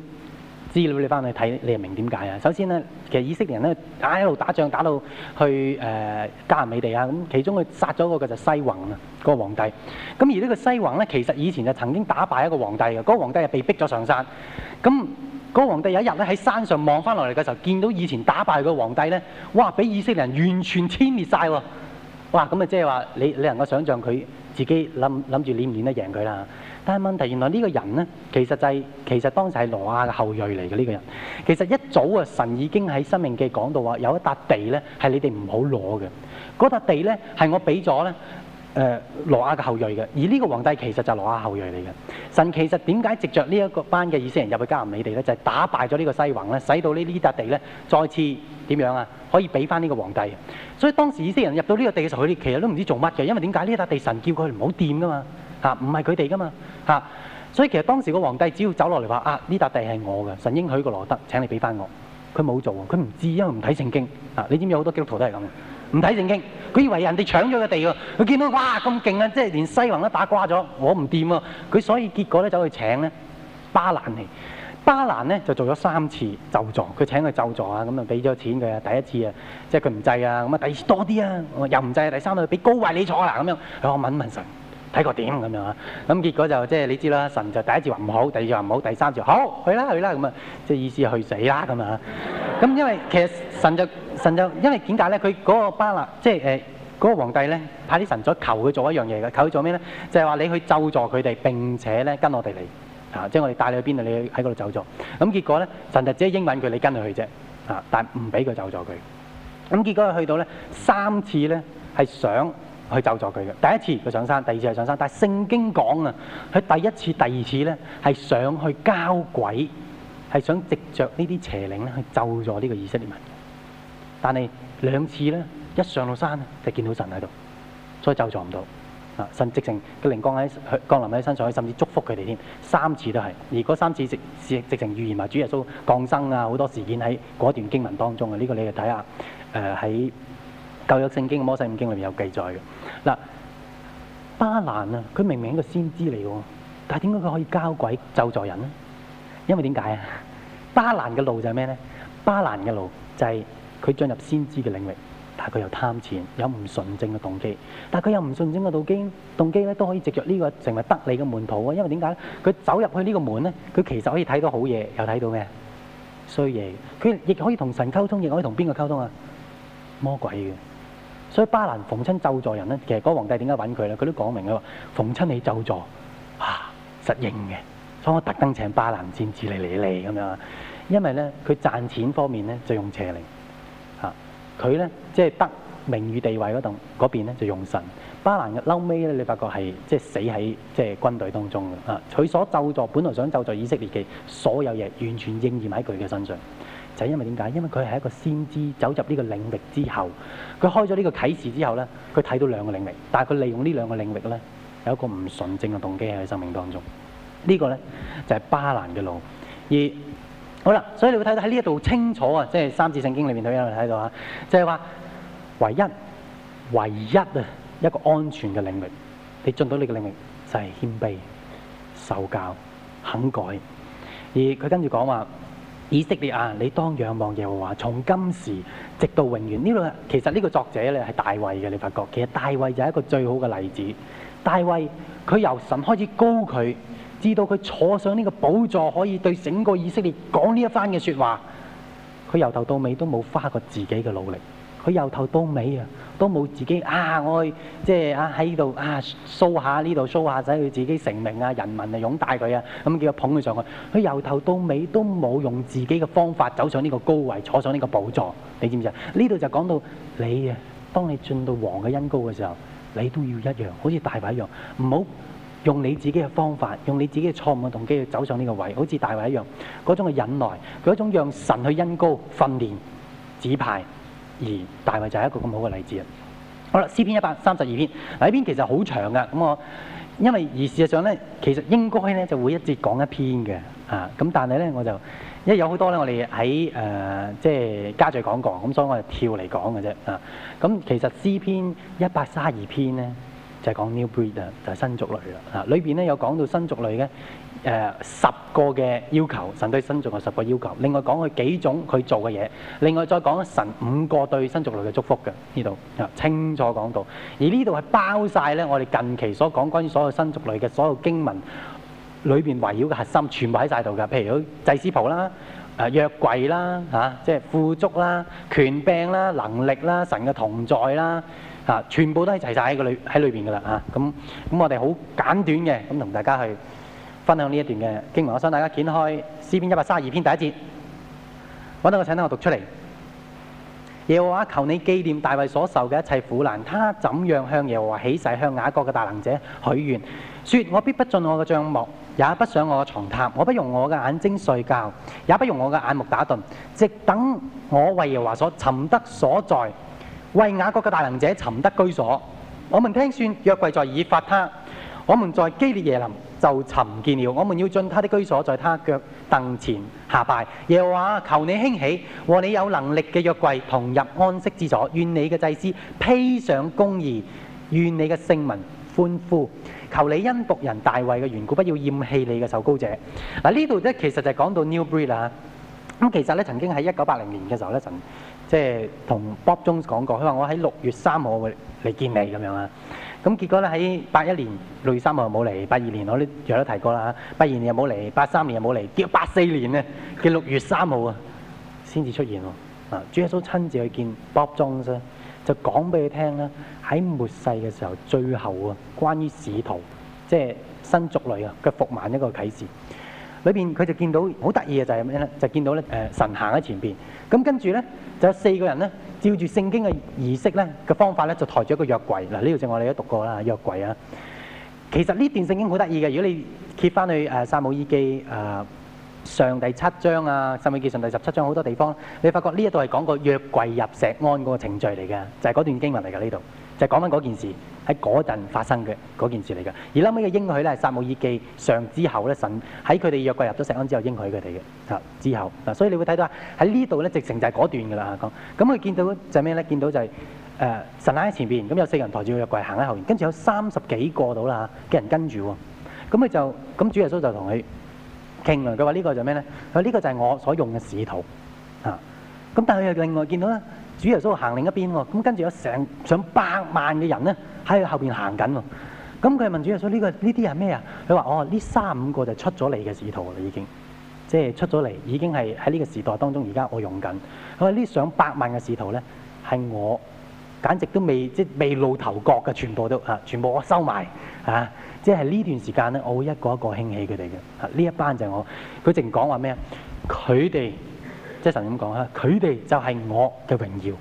資料你翻去睇，你又明點解啊？首先咧，其實以色列人咧，打一路打仗打到去誒、呃、迦南美地啊，咁其中佢殺咗個就西宏啊，嗰、嗰個皇帝。咁而呢個西宏咧，其實以前就曾經打敗一個皇帝嘅，嗰個皇帝係被逼咗上山。咁嗰個皇帝有一日咧喺山上望翻落嚟嘅時候，見到以前打敗嗰個皇帝咧，哇！俾以色列人完全殲滅晒喎。哇！咁啊，即係話你你能夠想象佢自己諗諗住諗唔諗得贏佢啦？但係問題原來呢個人呢，其實就係、是、其實當時係羅亞嘅後裔嚟嘅呢個人。其實一早啊，神已經喺《申命記》講到話，有一笪地呢係你哋唔好攞嘅。嗰笪地呢係我俾咗呢，誒、呃、羅亞嘅後裔嘅。而呢個皇帝其實就係羅亞後裔嚟嘅。神其實點解藉着呢一個班嘅以色列人入去迦南美地呢？就係、是、打敗咗呢個西宏呢，使到呢呢笪地呢再次點樣啊？可以俾翻呢個皇帝。所以當時以色列人入到呢個地嘅時候，佢哋其實都唔知做乜嘅，因為點解呢笪地神叫佢唔好掂㗎嘛？啊，唔係佢哋噶嘛，嚇、啊！所以其實當時個皇帝只要走落嚟話，啊，呢笪地係我嘅，神應許過羅德，請你俾返我。佢冇做，佢唔知，因為唔睇聖經。啊，你知唔知好多基督徒都係咁嘅？唔睇聖經，佢以為人哋搶咗個地喎。佢見到哇咁勁啊，即係連西宏王都打瓜咗，我唔掂啊！佢所以結果咧走去請咧巴蘭嚟。巴蘭咧就做咗三次咒詛，佢請佢咒詛啊，咁啊俾咗錢佢啊，第一次啊，即係佢唔制啊，咁啊第二次多啲啊，又唔制、啊啊、第三次啊俾高位你坐啦，咁、啊、樣，我問一問神。睇個點咁樣啊！咁結果就即係你知啦，神就第一次話唔好，第二次話唔好，第三次話好去啦去啦咁啊！即係意思去死啦咁啊！咁 因為其實神就神就因為點解咧？佢嗰個巴勒即係誒嗰個皇帝咧，派啲神咗求佢做一樣嘢嘅，求佢做咩咧？就係、是、話你去咒詛佢哋，並且咧跟我哋嚟啊！即係我哋帶你去邊度，你喺嗰度咒詛。咁、啊、結果咧，神就只係應允佢你跟佢去啫啊！但係唔俾佢咒詛佢。咁、啊、結果佢去到咧三次咧係想。佢咒咗佢嘅，第一次佢上山，第二次又上山，但係聖經講啊，佢第一次、第二次咧係上去交鬼，係想藉著呢啲邪靈咧去咒咗呢個以色列民。但係兩次咧，一上到山咧就見到神喺度，所以咒咗唔到啊！神直情嘅靈光喺降臨喺身上，甚至祝福佢哋添。三次都係，而嗰三次直直直情預言埋主耶穌降生啊，好多事件喺嗰段經文當中啊，呢個你哋睇下誒喺。舊約聖經嘅摩西五經裏面有記載嘅嗱，巴蘭啊，佢明明係一個先知嚟喎，但係點解佢可以交鬼咒助人咧？因為點解啊？巴蘭嘅路就係咩咧？巴蘭嘅路就係佢進入先知嘅領域，但係佢又貪錢，有唔純正嘅動機。但係佢又唔純正嘅動機咧，動機咧都可以藉著呢個成為得利嘅門徒啊！因為點解咧？佢走入去呢個門咧，佢其實可以睇到好嘢，又睇到咩？衰嘢。佢亦可以同神溝通，亦可以同邊個溝通啊？魔鬼嘅。所以巴蘭逢親咒助人咧，其實嗰皇帝點解揾佢咧？佢都講明佢話，逢親你咒助，啊，實應嘅。嗯、所以我特登請巴蘭戰字嚟嚟嚟咁樣，因為咧佢賺錢方面咧就用邪靈，嚇佢咧即係得名譽地位嗰度嗰邊咧就用神。巴蘭嘅嬲尾咧，你發覺係即係死喺即係軍隊當中嘅嚇。佢、啊、所咒助，本來想咒助以色列嘅所有嘢，完全應驗喺佢嘅身上。就因為點解？因為佢係一個先知走入呢個領域之後，佢開咗呢個啟示之後呢，佢睇到兩個領域，但係佢利用呢兩個領域呢，有一個唔純正嘅動機喺佢生命當中。呢個呢，就係巴蘭嘅路。而好啦，所以你會睇到喺呢一度清楚啊，即係《三字聖經》裏面都有睇到啊，就係話唯一、唯一啊一個安全嘅領域。你進到呢個領域，就係謙卑、受教、肯改。而佢跟住講話。以色列啊，你當仰望耶和華，從今時直到永遠。呢個其實呢個作者咧係大衛嘅，你發覺其實大衛就係一個最好嘅例子。大衛佢由神開始膏佢，至到佢坐上呢個寶座，可以對整個以色列講呢一番嘅説話，佢由頭到尾都冇花過自己嘅努力。佢由頭到尾啊，都冇自己啊！我去即係啊，喺呢度啊，掃下呢度掃下，仔佢自己成名啊！人民啊，擁戴佢啊，咁幾個捧佢上去。佢由頭到尾都冇用自己嘅方法走上呢個高位，坐上呢個寶座。你知唔知啊？呢度就講到你啊！當你進到王嘅恩高嘅時候，你都要一樣，好似大衛一樣，唔好用你自己嘅方法，用你自己嘅錯誤嘅動機去走上呢個位，好似大衛一樣。嗰種嘅忍耐，嗰種讓神去恩高訓練指派。而大衞就係一個咁好嘅例子啊！好啦，詩篇一百三十二篇嗱，呢篇其實好長㗎，咁我因為而事實上咧，其實應該咧就會一節講一篇嘅啊，咁但係咧我就因為有好多咧，我哋喺誒即係家長講講，咁所以我就跳嚟講嘅啫啊。咁其實詩篇一百三十二篇咧就係講 new breed 啊，就係新族類啦啊，裏邊咧有講到新族類嘅。誒十個嘅要求，神對新族類嘅十個要求。另外講佢幾種佢做嘅嘢，另外再講神五個對新族類嘅祝福嘅呢度啊，清楚講到。而呢度係包曬咧，我哋近期所講關於所有新族類嘅所有經文裏邊圍繞嘅核心，全部喺曬度㗎。譬如祭司袍啦，誒約櫃啦，嚇，即係富足啦、權柄啦、能力啦、神嘅同在啦，嚇，全部都係齊曬喺個裏喺裏邊㗎啦嚇。咁咁，我哋好簡短嘅咁同大家去，分享呢一段嘅經文，我想大家攪開詩篇一百三十二篇第一節，揾到個請到我讀出嚟。耶和華求你記念大衛所受嘅一切苦難，他怎樣向耶和華起誓向雅各嘅大能者許願，說：我必不進我嘅帳幕，也不上我嘅床榻，我不容我嘅眼睛睡覺，也不容我嘅眼目打盹，直等我為耶和華所尋得所在，為雅各嘅大能者尋得居所。我們聽説約櫃在以法他，我們在基列耶琳。就尋見了，我們要進他的居所，在他腳凳前下拜。又話求你興起，和你有能力嘅約櫃同入安息之所。願你嘅祭司披上公義，願你嘅聖民歡呼。求你因僕人大衛嘅緣故，不要厭棄你嘅受膏者。嗱，呢度咧，其實就講到 New Breed 啦。咁其實咧，曾經喺一九八零年嘅時候咧，曾即係同 Bob Jones 講過，佢話我喺六月三號會嚟見你咁樣啊。咁結果咧喺八一年六月三號又冇嚟，八二年我啲有都提過啦嚇，八二年又冇嚟，八三年又冇嚟，到八四年咧嘅六月三號啊，先至出現喎。啊，主耶穌親自去見 Bob Jones 就講俾佢聽啦。喺末世嘅時候最後啊，關於使徒即係、就是、新族類啊嘅復晚一個啟示。裏邊佢就見到好得意嘅就係咩咧？就見到咧誒神行喺前邊，咁跟住咧就有四個人咧。照住聖經嘅儀式咧，嘅方法咧就抬咗一個約櫃。嗱，呢度正我哋都讀過啦，約櫃啊。其實呢段聖經好得意嘅，如果你揭翻去誒《撒母耳記》誒上第七章啊，《撒母耳記上》第十七章好多地方，你發覺呢一度係講個約櫃入錫安嗰個程序嚟嘅，就係嗰段經文嚟嘅呢度。就講緊嗰件事，喺嗰陣發生嘅嗰件事嚟噶。而後屘嘅應許咧，係撒母耳記上之後咧，神喺佢哋約櫃入咗石安之後應許佢哋嘅。啊，之後嗱，所以你會睇到喺呢度咧，直程就係嗰段噶啦啊。咁，咁佢見到就咩咧？見到就係誒神喺前邊，咁有四個人抬住個約櫃行喺後邊，跟住有三十幾個到啦嚇嘅人跟住喎。咁佢就咁主耶穌就同佢傾啊。佢話呢個就咩咧？佢話呢個就係我所用嘅使徒啊。咁但係佢又另外見到咧。主耶穌行另一邊喎，咁跟住有成上百萬嘅人咧喺佢後邊行緊喎，咁佢問主耶穌：呢個呢啲係咩啊？佢話：哦，呢三五個就出咗嚟嘅使徒啦，已經，即係出咗嚟，已經係喺呢個時代當中，而家我用緊。佢話呢上百萬嘅使徒咧，係我簡直都未即係未露頭角嘅，全部都嚇，全部我收埋嚇、啊，即係呢段時間咧，我會一個一個興起佢哋嘅嚇，呢一班就係我。佢淨講話咩啊？佢哋。即神咁講啦，佢哋就係我嘅榮耀，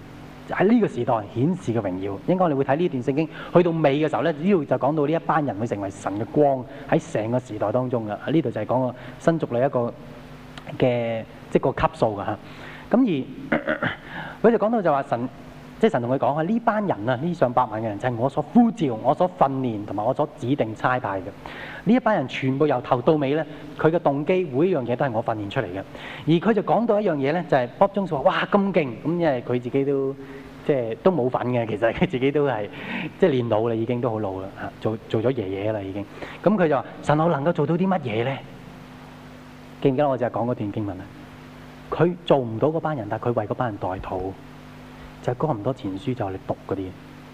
喺呢個時代顯示嘅榮耀。應該我哋會睇呢段聖經，去到尾嘅時候咧，呢度就講到呢一班人會成為神嘅光喺成個時代當中嘅。呢度就係講個新族類一個嘅即係個級數嘅。咁而佢哋講到就話神。即神同佢講啊，呢班人啊，呢上百萬嘅人就係我所呼召、我所訓練同埋我所指定差派嘅。呢一班人全部由頭到尾咧，佢嘅動機每一樣嘢都係我訓練出嚟嘅。而佢就講到一樣嘢咧，就係 Bob Jones 話：哇，咁勁！咁因為佢自己都即係都冇份嘅，其實佢自己都係即係年老啦，已經都好老啦，做做咗爺爺啦，已經。咁佢就話神，我能夠做到啲乜嘢咧？記唔記得我就係講嗰段經文啊？佢做唔到嗰班人，但係佢為嗰班人代禱。就係講唔多前書，就你讀嗰啲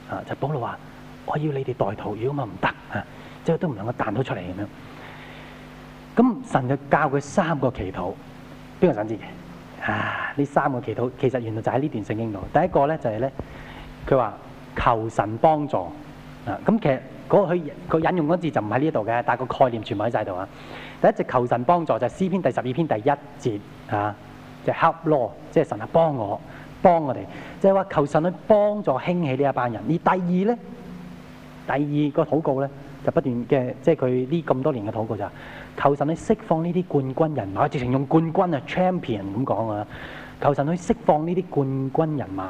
啊，就保羅話我要你哋代禱，如果唔唔得，吓即係都唔能夠彈到出嚟咁樣。咁神就教佢三個祈禱，邊個想知嘅？啊呢三個祈禱其實原來就喺呢段聖經度。第一個咧就係、是、咧，佢話求神幫助啊。咁其實嗰佢個、那個引用嗰字就唔喺呢度嘅，但係個概念全部喺晒度啊。第一隻求神幫助就係詩篇第十二篇第一節啊，就是、Help m 即係神啊幫我。幫我哋，即係話求神去幫助興起呢一班人。而第二咧，第二個禱告咧，就不斷嘅，即係佢呢咁多年嘅禱告就係、是、求神去釋放呢啲冠軍人馬，啊、直情用冠軍啊、champion 咁講啊。求神去釋放呢啲冠軍人馬。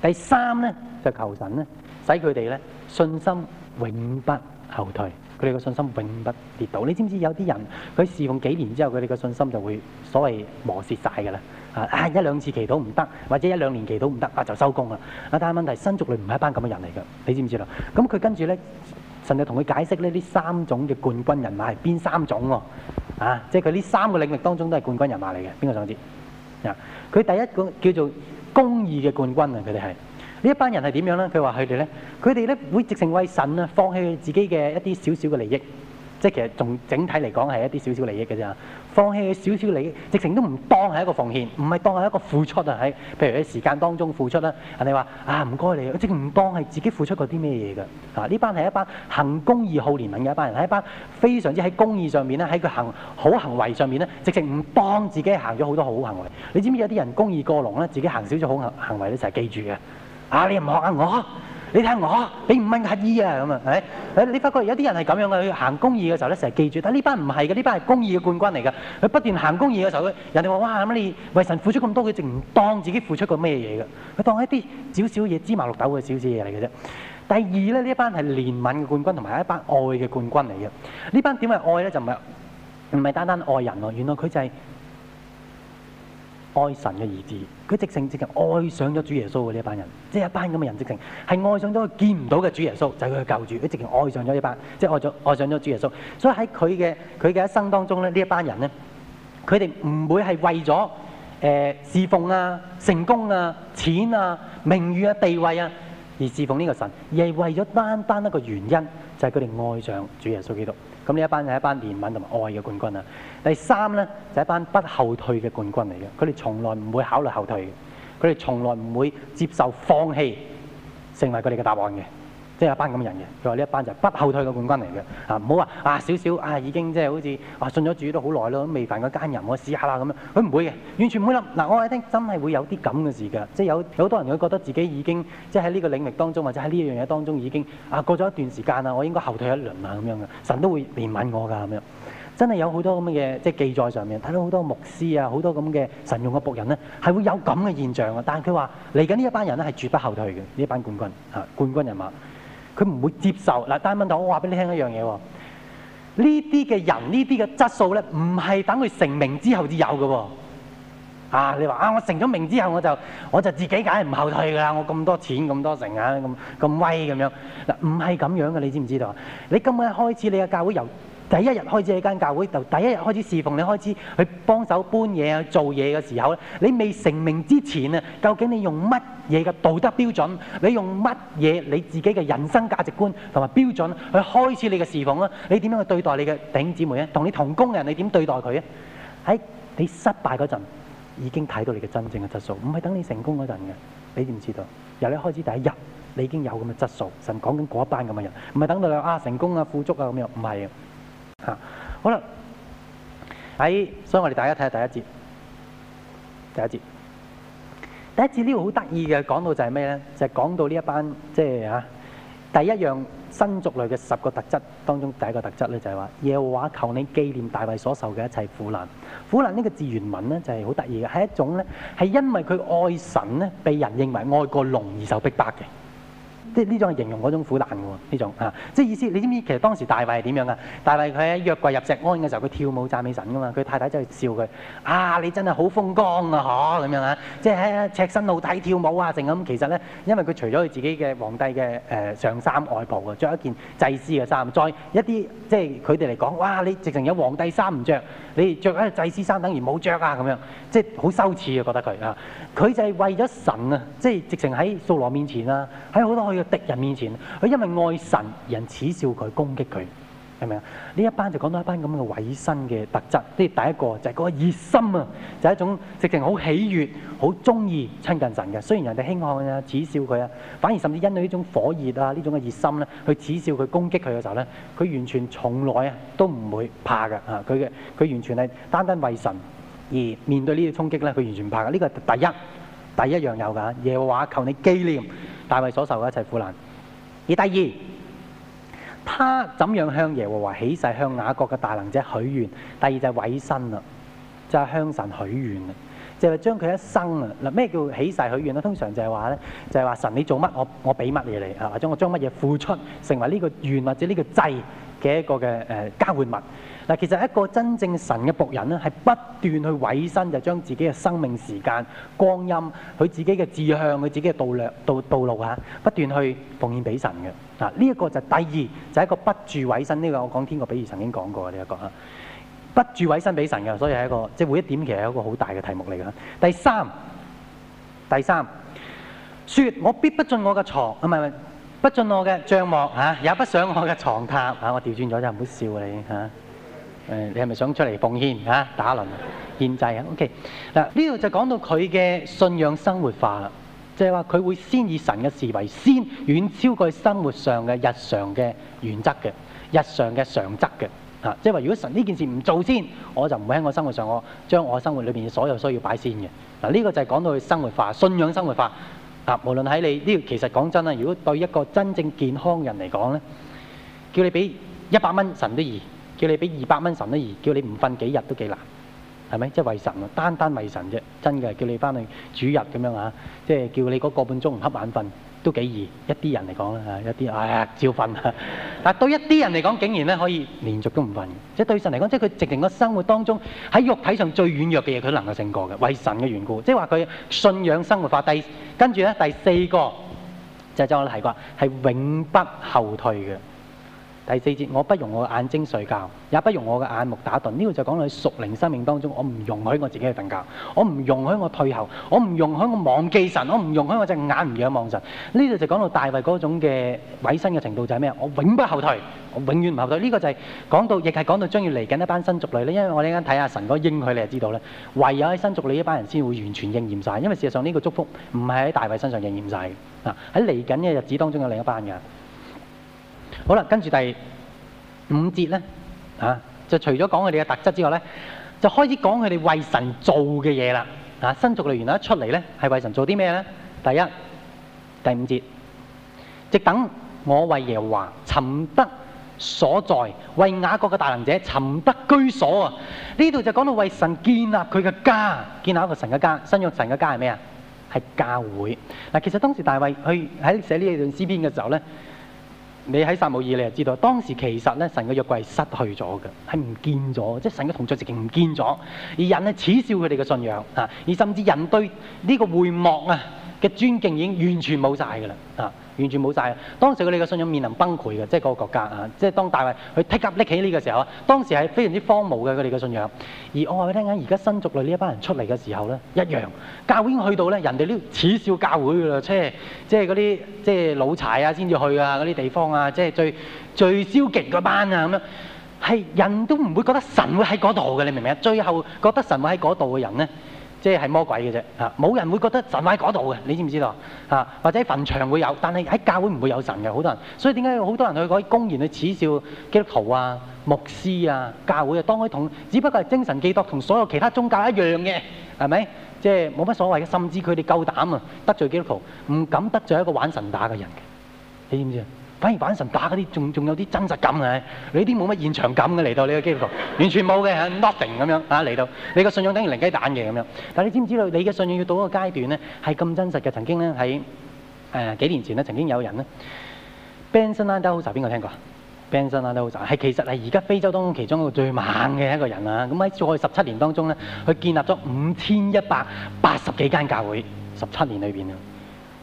第三咧就是、求神咧，使佢哋咧信心永不後退，佢哋嘅信心永不跌倒。你知唔知有啲人佢事奉幾年之後，佢哋嘅信心就會所謂磨蝕晒㗎喇。啊！一兩次祈禱唔得，或者一兩年祈禱唔得，啊就收工啦！啊，但係問題是新族類唔係一班咁嘅人嚟㗎，你知唔知道？咁佢跟住咧，神就同佢解釋咧，呢三種嘅冠軍人馬係邊三種喎？啊，啊，即係佢呢三個領域當中都係冠軍人馬嚟嘅，邊個想知？啊，佢第一個叫做公義嘅冠軍啊，佢哋係呢一班人係點樣咧？佢話佢哋咧，佢哋咧會竭誠為神啊，放棄佢自己嘅一啲少少嘅利益。即係其實仲整體嚟講係一啲少少利益嘅啫，放棄少少利益，直情都唔當係一個奉獻，唔係當係一個付出啊！喺譬如喺時間當中付出啦，人哋話啊唔該你，即係唔當係自己付出過啲咩嘢嘅。」啊呢班係一班行公義好憐憫嘅一班人，係一班非常之喺公義上面咧，喺佢行好行為上面咧，直情唔當自己行咗好多好行為。你知唔知有啲人公義過濃過龍咧，自己行少咗好行行為咧，成日記住嘅。啊你唔學啊我。你睇我、哦，你唔係乞兒啊咁啊，誒誒，你發覺有啲人係咁樣嘅，佢行公義嘅時候咧，成日記住，但呢班唔係嘅，呢班係公義嘅冠軍嚟嘅，佢不斷行公義嘅時候，佢人哋話哇咁你為神付出咁多，佢淨唔當自己付出過咩嘢嘅，佢當一啲少少嘢芝麻綠豆嘅少少嘢嚟嘅啫。第二咧，呢一班係憐憫嘅冠軍，同埋一班愛嘅冠軍嚟嘅。這班愛呢班點係愛咧？就唔係唔係單單愛人咯，原來佢就係、是。愛神嘅兒子，佢直情直情愛上咗主耶穌嘅呢一班人，即係一班咁嘅人直情係愛上咗佢見唔到嘅主耶穌，就係佢嘅救主，佢直情愛上咗一班，即係愛咗愛上咗主耶穌。所以喺佢嘅佢嘅一生當中咧，呢一班人咧，佢哋唔會係為咗誒、呃、侍奉啊、成功啊、錢啊、名譽啊、地位啊而侍奉呢個神，而係為咗單單一個原因，就係佢哋愛上主耶穌基督。咁呢一班係一班憐憫同埋愛嘅冠軍啊！第三呢，就係一班不後退嘅冠軍嚟嘅，佢哋從來唔會考慮後退嘅，佢哋從來唔會接受放棄成為佢哋嘅答案嘅，即係一班咁嘅人嘅。佢話呢一班就係不後退嘅冠軍嚟嘅，啊唔好話啊少少啊已經即係好似啊信咗主都好耐咯，未犯過奸人。我試下啦咁樣。佢唔會嘅，完全唔會諗。嗱，我話你聽真係會有啲咁嘅事㗎，即係有好多人佢覺得自己已經即係喺呢個領域當中或者喺呢樣嘢當中已經啊過咗一段時間啦，我應該後退一輪啊咁樣嘅，神都會憐憫我㗎咁樣。真係有好多咁嘅，即係記載上面睇到好多牧師啊，好多咁嘅神用嘅僕人咧，係會有咁嘅現象嘅。但係佢話嚟緊呢一班人咧係絕不後退嘅，呢一班冠軍嚇，冠軍人馬，佢唔會接受嗱。但係問題，我話俾你聽一樣嘢喎，呢啲嘅人，呢啲嘅質素咧，唔係等佢成名之後至有嘅喎。啊，你話啊，我成咗名之後我就我就自己梗係唔後退㗎啦，我咁多錢，咁多成啊，咁咁威咁樣嗱，唔係咁樣嘅，你知唔知道？你今日一開始你嘅教會由第一日開始喺間教會度，第一日開始侍奉，你開始去幫手搬嘢啊、做嘢嘅時候咧，你未成名之前啊，究竟你用乜嘢嘅道德標準？你用乜嘢你自己嘅人生價值觀同埋標準去開始你嘅侍奉啊？你點樣去對待你嘅頂姊妹咧？同你同工嘅人你點對待佢啊？喺你失敗嗰陣已經睇到你嘅真正嘅質素，唔係等你成功嗰陣嘅。你點知道？由你開始第一日，你已經有咁嘅質素。神講緊嗰一班咁嘅人，唔係等到你啊成功啊富足啊咁樣，唔係。不是。啊，好啦，喺所以我哋大家睇下第一節。第一節，第一節呢個好得意嘅講到就係咩咧？就係、是、講到呢一班即係、就是、啊，第一樣新族類嘅十個特質當中第一個特質咧就係、是、話耶和華求你記念大衛所受嘅一切苦難，苦難呢個字原文咧就係好得意嘅，係一種咧係因為佢愛神咧被人認為愛過龍而受逼迫嘅。即係呢種係形容嗰種苦難嘅喎，呢種嚇、啊，即係意思你知唔知其實當時大衛係點樣啊？大衛佢喺約櫃入錫安嘅時候，佢跳舞讚美神嘅嘛，佢太太就係笑佢：啊，你真係好風光啊，嗬咁樣啊！樣即係喺赤身露體跳舞啊，剩咁。其實咧，因為佢除咗佢自己嘅皇帝嘅誒上衫外袍啊，着一件祭司嘅衫。再一啲即係佢哋嚟講：，哇！你直情有皇帝衫唔着，你着一祭司衫，等於冇着啊！咁樣，即係好羞恥啊覺得佢啊，佢就係為咗神啊，即係直情喺掃羅面前啊，喺好多敵人面前，佢因為愛神，人恥笑佢，攻擊佢，係咪啊？呢一班就講到一班咁嘅偉新嘅特質。即係第一個就係嗰個熱心啊，就是、一種直情好喜悅、好中意親近神嘅。雖然人哋輕看啊、恥笑佢啊，反而甚至因為呢種火熱啊、呢種嘅熱心咧、啊，去恥笑佢、攻擊佢嘅時候咧，佢完全從來啊都唔會怕嘅。吓、啊，佢嘅佢完全係單單為神而面對呢啲衝擊咧，佢完全唔怕嘅。呢、這個第一第一樣有噶耶和華求你紀念。大衛所受嘅一切苦難，而第二，他怎樣向耶和華起誓，向雅各嘅大能者許願？第二就係委身啦，就係、是、向神許願啦，就係將佢一生啊嗱，咩叫起誓許願咧？通常就係話咧，就係、是、話神你做乜，我給什麼東西我俾乜嘢你啊？或者我將乜嘢付出，成為呢個願或者呢個祭嘅一個嘅誒交換物。嗱，其實一個真正神嘅僕人咧，係不斷去委身，就將、是、自己嘅生命時間、光陰，佢自己嘅志向，佢自己嘅道略道道路嚇，不斷去奉獻俾神嘅。嗱，呢一個就第二，就係、是、一個不住委身呢、這個。我講天國比喻曾經講過呢一、這個嚇，不住委身俾神嘅，所以係一個即係每一點其實係一個好大嘅題目嚟㗎。第三，第三，說我必不進我嘅床，唔係唔係，不進我嘅帳幕嚇，也不上我嘅床榻嚇、啊。我調轉咗就唔好笑你嚇。啊誒，你係咪想出嚟奉獻啊？打輪獻祭啊？OK，嗱呢度就講到佢嘅信仰生活化啦，即係話佢會先以神嘅事為先，遠超過生活上嘅日常嘅原則嘅，日常嘅常則嘅嚇。即係話，如果神呢件事唔做先，我就唔會喺我生活上我將我生活裏邊所有需要擺先嘅。嗱呢個就係講到佢生活化、信仰生活化啊！無論喺你呢，其實講真啦，如果對一個真正健康人嚟講咧，叫你俾一百蚊，神都易。叫你俾二百蚊神都易，叫你唔瞓幾日都幾難，係咪？即係為神啊，單單為神啫，真嘅。叫你翻去主日咁樣啊，即係叫你嗰個，個半鐘唔瞌眼瞓都幾易。一啲人嚟講咧，係一啲唉、哎、照瞓，但係對一啲人嚟講，竟然咧可以連續都唔瞓。即係對神嚟講，即係佢直情個生活當中喺肉體上最軟弱嘅嘢，佢都能夠勝過嘅，為神嘅緣故。即係話佢信仰生活化。第跟住咧第四個就係、是、張我提過，係永不後退嘅。第四節，我不容我的眼睛睡覺，也不容我的眼目打盹。呢個就講到喺屬靈生命當中，我唔容許我自己去瞓覺，我唔容許我退後，我唔容許我忘記神，我唔容許我隻眼唔仰望神。呢度就講到大衛嗰種嘅委身嘅程度就係咩啊？我永不後退，我永遠唔後退。呢個就係講到，亦係講到將要嚟緊一班新族類。因為我呢間睇下神嗰應許，你就知道咧。唯有喺新族類一班人先會完全應驗晒。因為事實上呢個祝福唔係喺大衛身上應驗晒。在啊，喺嚟緊嘅日子當中有另一班人。好啦，跟住第五節咧、啊，就除咗講佢哋嘅特質之外咧，就開始講佢哋為神做嘅嘢啦。啊，新族類原來一出嚟咧，係為神做啲咩咧？第一第五節，直等我為耶和華尋得所在，為雅各嘅大能者尋得居所啊！呢度就講到為神建立佢嘅家，建立一個神嘅家，新約神嘅家係咩啊？係教會。嗱、啊，其實當時大衛佢喺寫呢一段詩篇嘅時候咧。你喺撒母耳，你就知道當時其實咧，神嘅約櫃係失去咗嘅，係唔見咗，即係神嘅同在直情唔見咗，而人呢，恥笑佢哋嘅信仰啊，而甚至人對呢個會幕啊嘅尊敬已經完全冇晒㗎喇啊！完全冇晒。啊！當時佢哋嘅信仰面臨崩潰嘅，即係嗰個國家啊！即係當大衛去踢吉拎起呢個時候啊，當時係非常之荒蕪嘅佢哋嘅信仰。而我話畀你聽緊，而、哎、家新族類呢一班人出嚟嘅時候咧，一樣教會已經去到咧，人哋都恥笑教會噶啦，即係即係嗰啲即係老柴啊，先至去啊嗰啲地方啊，即係最最消極嗰班啊咁樣。係人都唔會覺得神會喺嗰度嘅，你明唔明啊？最後覺得神會喺嗰度嘅人咧。即係魔鬼嘅啫，嚇冇人會覺得神喺嗰度嘅，你知唔知道？嚇或者墳場會有，但係喺教會唔會有神嘅，好多人。所以點解好多人去嗰公然去恥笑基督徒啊、牧師啊、教會啊，當佢同只不過係精神寄託，同所有其他宗教一樣嘅，係咪？即係冇乜所謂嘅，甚至佢哋夠膽啊得罪基督徒，唔敢得罪一個玩神打嘅人嘅，你知唔知啊？反而玩神打嗰啲，仲仲有啲真實感嘅，你啲冇乜現場感嘅嚟到你個基督徒完全冇嘅，Nothing 咁樣啊，嚟到你個信仰等於零雞蛋嘅咁樣。但係你知唔知道你嘅信仰要到一個階段咧係咁真實嘅？曾經咧喺誒幾年前咧曾經有人咧，Benson Idahosa、嗯，邊個 an 聽過？Benson Idahosa 係其實係而家非洲當中其中一個最猛嘅一個人啊。咁喺過去十七年當中咧，佢建立咗五千一百八十幾間教會，十七年裏邊啊。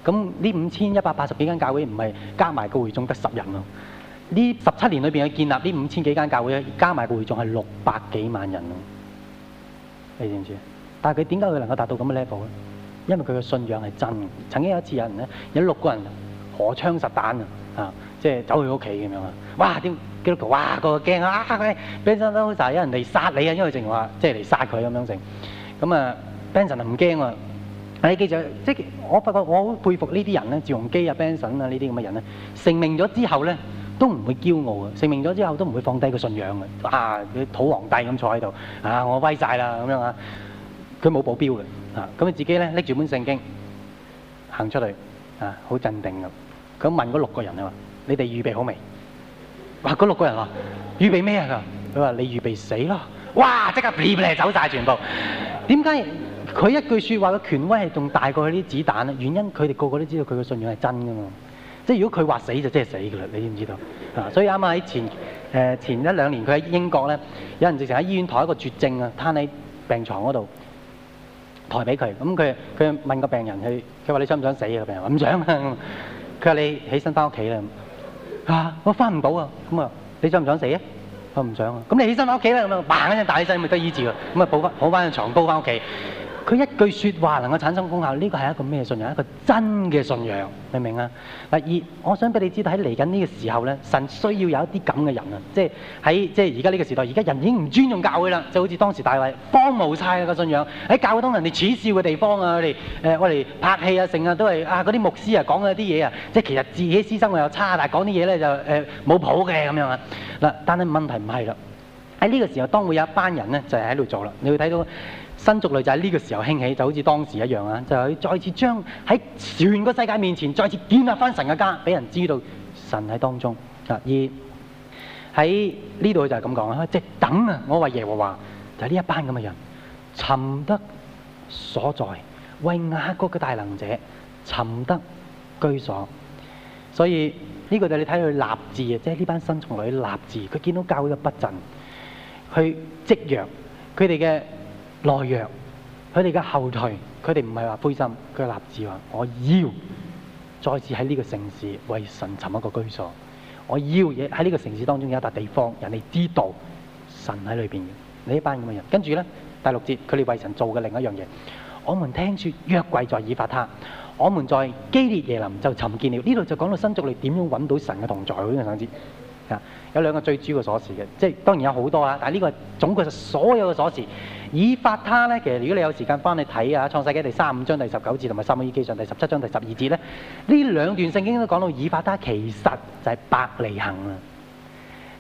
咁呢五千一百八十幾間教會唔係加埋個會眾得十人咯？呢十七年裏邊去建立呢五千幾間教會，加埋個會眾係六百幾萬人，你知唔知？但係佢點解佢能夠達到咁嘅 level 咧？因為佢嘅信仰係真。曾經有一次有人咧，有六個人荷槍實彈啊，即係走去屋企咁樣啊！哇，啲基督徒哇個個驚啊！Benson 好曬，哎啊、Benson 有人嚟殺你啊！因為淨話即係嚟殺佢咁樣成。咁啊 Benson 啊唔驚喎。係，其實即係我發覺我好佩服呢啲人咧，趙鏞基啊 Benson 啊呢啲咁嘅人咧，成名咗之後咧，都唔會驕傲嘅，成名咗之後都唔會放低個信仰嘅。啊，土皇帝咁坐喺度，啊，我威晒啦咁樣啊，佢冇保鏢嘅，啊，咁佢自己咧拎住本聖經行出嚟，啊，好鎮定咁，咁問嗰六個人啊，你哋預備好未？哇！嗰六個人話預備咩啊？佢話你預備死啦！」哇！即刻撇咧走晒全部，點解？佢一句説話嘅權威係仲大過佢啲子彈啊！原因佢哋個個都知道佢嘅信仰係真噶嘛，即係如果佢話死就真係死噶啦，你知唔知道？啊，所以啱啱喺前誒前一兩年，佢喺英國咧，有人直情喺醫院抬一個絕症啊，攤喺病床嗰度抬俾佢。咁佢佢問個病人去，佢話你想唔想死啊？個病人話唔想。佢話你起身翻屋企啦。啊，我翻唔到啊。咁、嗯、啊，你想唔想死啊？我唔想啊。咁你起身翻屋企啦。咁啊 bang 一聲大起身咪得醫治啊。咁、嗯、啊，抱翻抱翻床鋪翻屋企。佢一句説話能夠產生功效，呢個係一個咩信仰？一個真嘅信仰，明唔明啊？嗱，二，我想俾你知道喺嚟緊呢個時候咧，神需要有一啲咁嘅人啊，即係喺即係而家呢個時代，而家人已經唔尊重教會啦，就好似當時大衛荒無晒個信仰喺教會當人哋恥笑嘅地方們、呃、等等啊！我哋誒，我哋拍戲啊，成日都係啊嗰啲牧師啊講嘅啲嘢啊，即係其實自己私生活又差，但係講啲嘢咧就誒冇、呃、譜嘅咁樣啊。嗱，但係問題唔係啦，喺呢個時候當會有一班人咧就係喺度做啦，你會睇到。新族類就喺呢個時候興起，就好似當時一樣啊！就係，再次將喺全個世界面前再次建立返神嘅家，俾人知道神喺當中。啊，而喺呢度佢就咁講啦，即係等啊！我為耶和華就係呢一班咁嘅人，尋得所在，為雅各嘅大能者尋得居所。所以呢個就你睇佢立志啊，即係呢班新族類立志，佢見到教會嘅不振，去積弱，佢哋嘅，懦弱，佢哋嘅後退，佢哋唔係話灰心，佢立志話我要再次喺呢個城市為神尋一個居所，我要嘢喺呢個城市當中有一笪地方，人哋知道神喺裏邊嘅呢一班咁嘅人。跟住呢第六節，佢哋為神做嘅另一樣嘢，我們聽説約櫃在以法他，我們在基列耶林就尋見了。呢度就講到新約，裏點樣揾到神嘅同在嗰啲嘅聖節，有兩個最主要嘅鎖匙嘅，即係當然有好多啊，但係呢個總括所有嘅鎖匙。以法他呢。其實如果你有時間翻去睇下創世記》第三五章第十九節，同埋《三母耳記上》第十七章第十二節呢，呢兩段聖經都講到以法他其實就係百離行啊！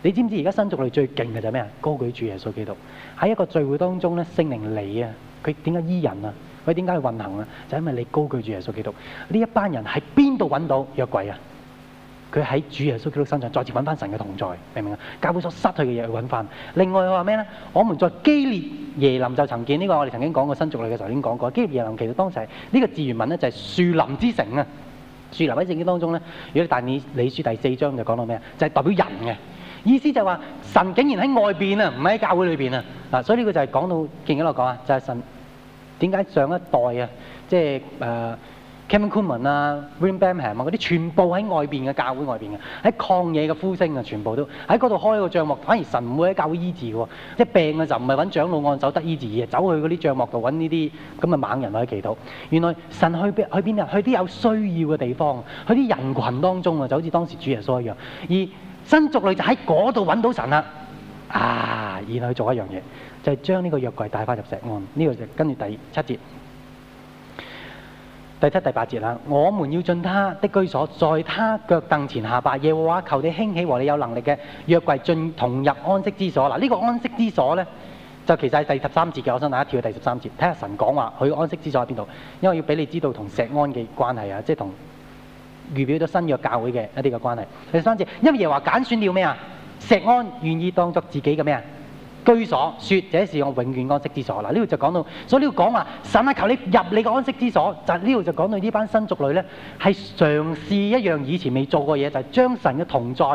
你知唔知而家新族類最勁嘅就係咩啊？高舉住耶穌基督喺一個聚會當中呢，聖靈你啊，佢點解醫人啊？佢點解去運行啊？就因為你高舉住耶穌基督。呢一班人喺邊度揾到約鬼啊？佢喺主耶穌基督身上再次揾翻神嘅同在，明唔明啊？教會所失去嘅嘢去揾翻。另外我話咩咧？我們在基列耶林就尋見，呢個我哋曾經講過新約裏嘅，時候已經講過基列耶林，其實當時就係呢個字原文咧就係樹林之城啊。樹林喺聖經當中咧，如果你讀但以理書第四章就講到咩啊？就係代表人嘅意思，就話神竟然喺外邊啊，唔喺教會裏邊啊。嗱，所以呢個就係講到見幾耐講啊？就係神點解上一代啊，即係誒？Kevin Kuhlman 啊 William Branham 係嘛？嗰啲全部喺外邊嘅教會外邊嘅，喺曠野嘅呼聲啊，全部都喺嗰度開一個帳幕。反而神唔會喺教會醫治嘅喎，即病嘅就唔係揾長老按手得醫治嘅，走去嗰啲帳幕度揾呢啲咁嘅猛人去祈禱。原來神去邊去邊啊？去啲有需要嘅地方，去啲人群當中啊，就好似當時主耶穌一樣。而新族類就喺嗰度揾到神啦，啊，然後去做一樣嘢，就係將呢個約櫃帶返入錫安。呢個就跟住第七節。第七、第八節啦，我們要進他的居所，在他腳凳前下拜。耶和華求你興起和你有能力嘅約櫃進同入安息之所。嗱，呢個安息之所咧，就其實係第十三節嘅。我想大家跳到第十三節，睇下神講話，佢安息之所喺邊度？因為要俾你知道同錫安嘅關係啊，即係同預表咗新約教會嘅一啲嘅關係。第三節，因為耶和華揀選了咩啊？錫安願意當作自己嘅咩啊？居所說，說這是我永遠安息之所。嗱，呢度就講到，所以呢度講話神啊，求你入你個安息之所。這就呢度就講到呢班新族女咧，係嘗試一樣以前未做過嘢，就係、是、將神嘅同在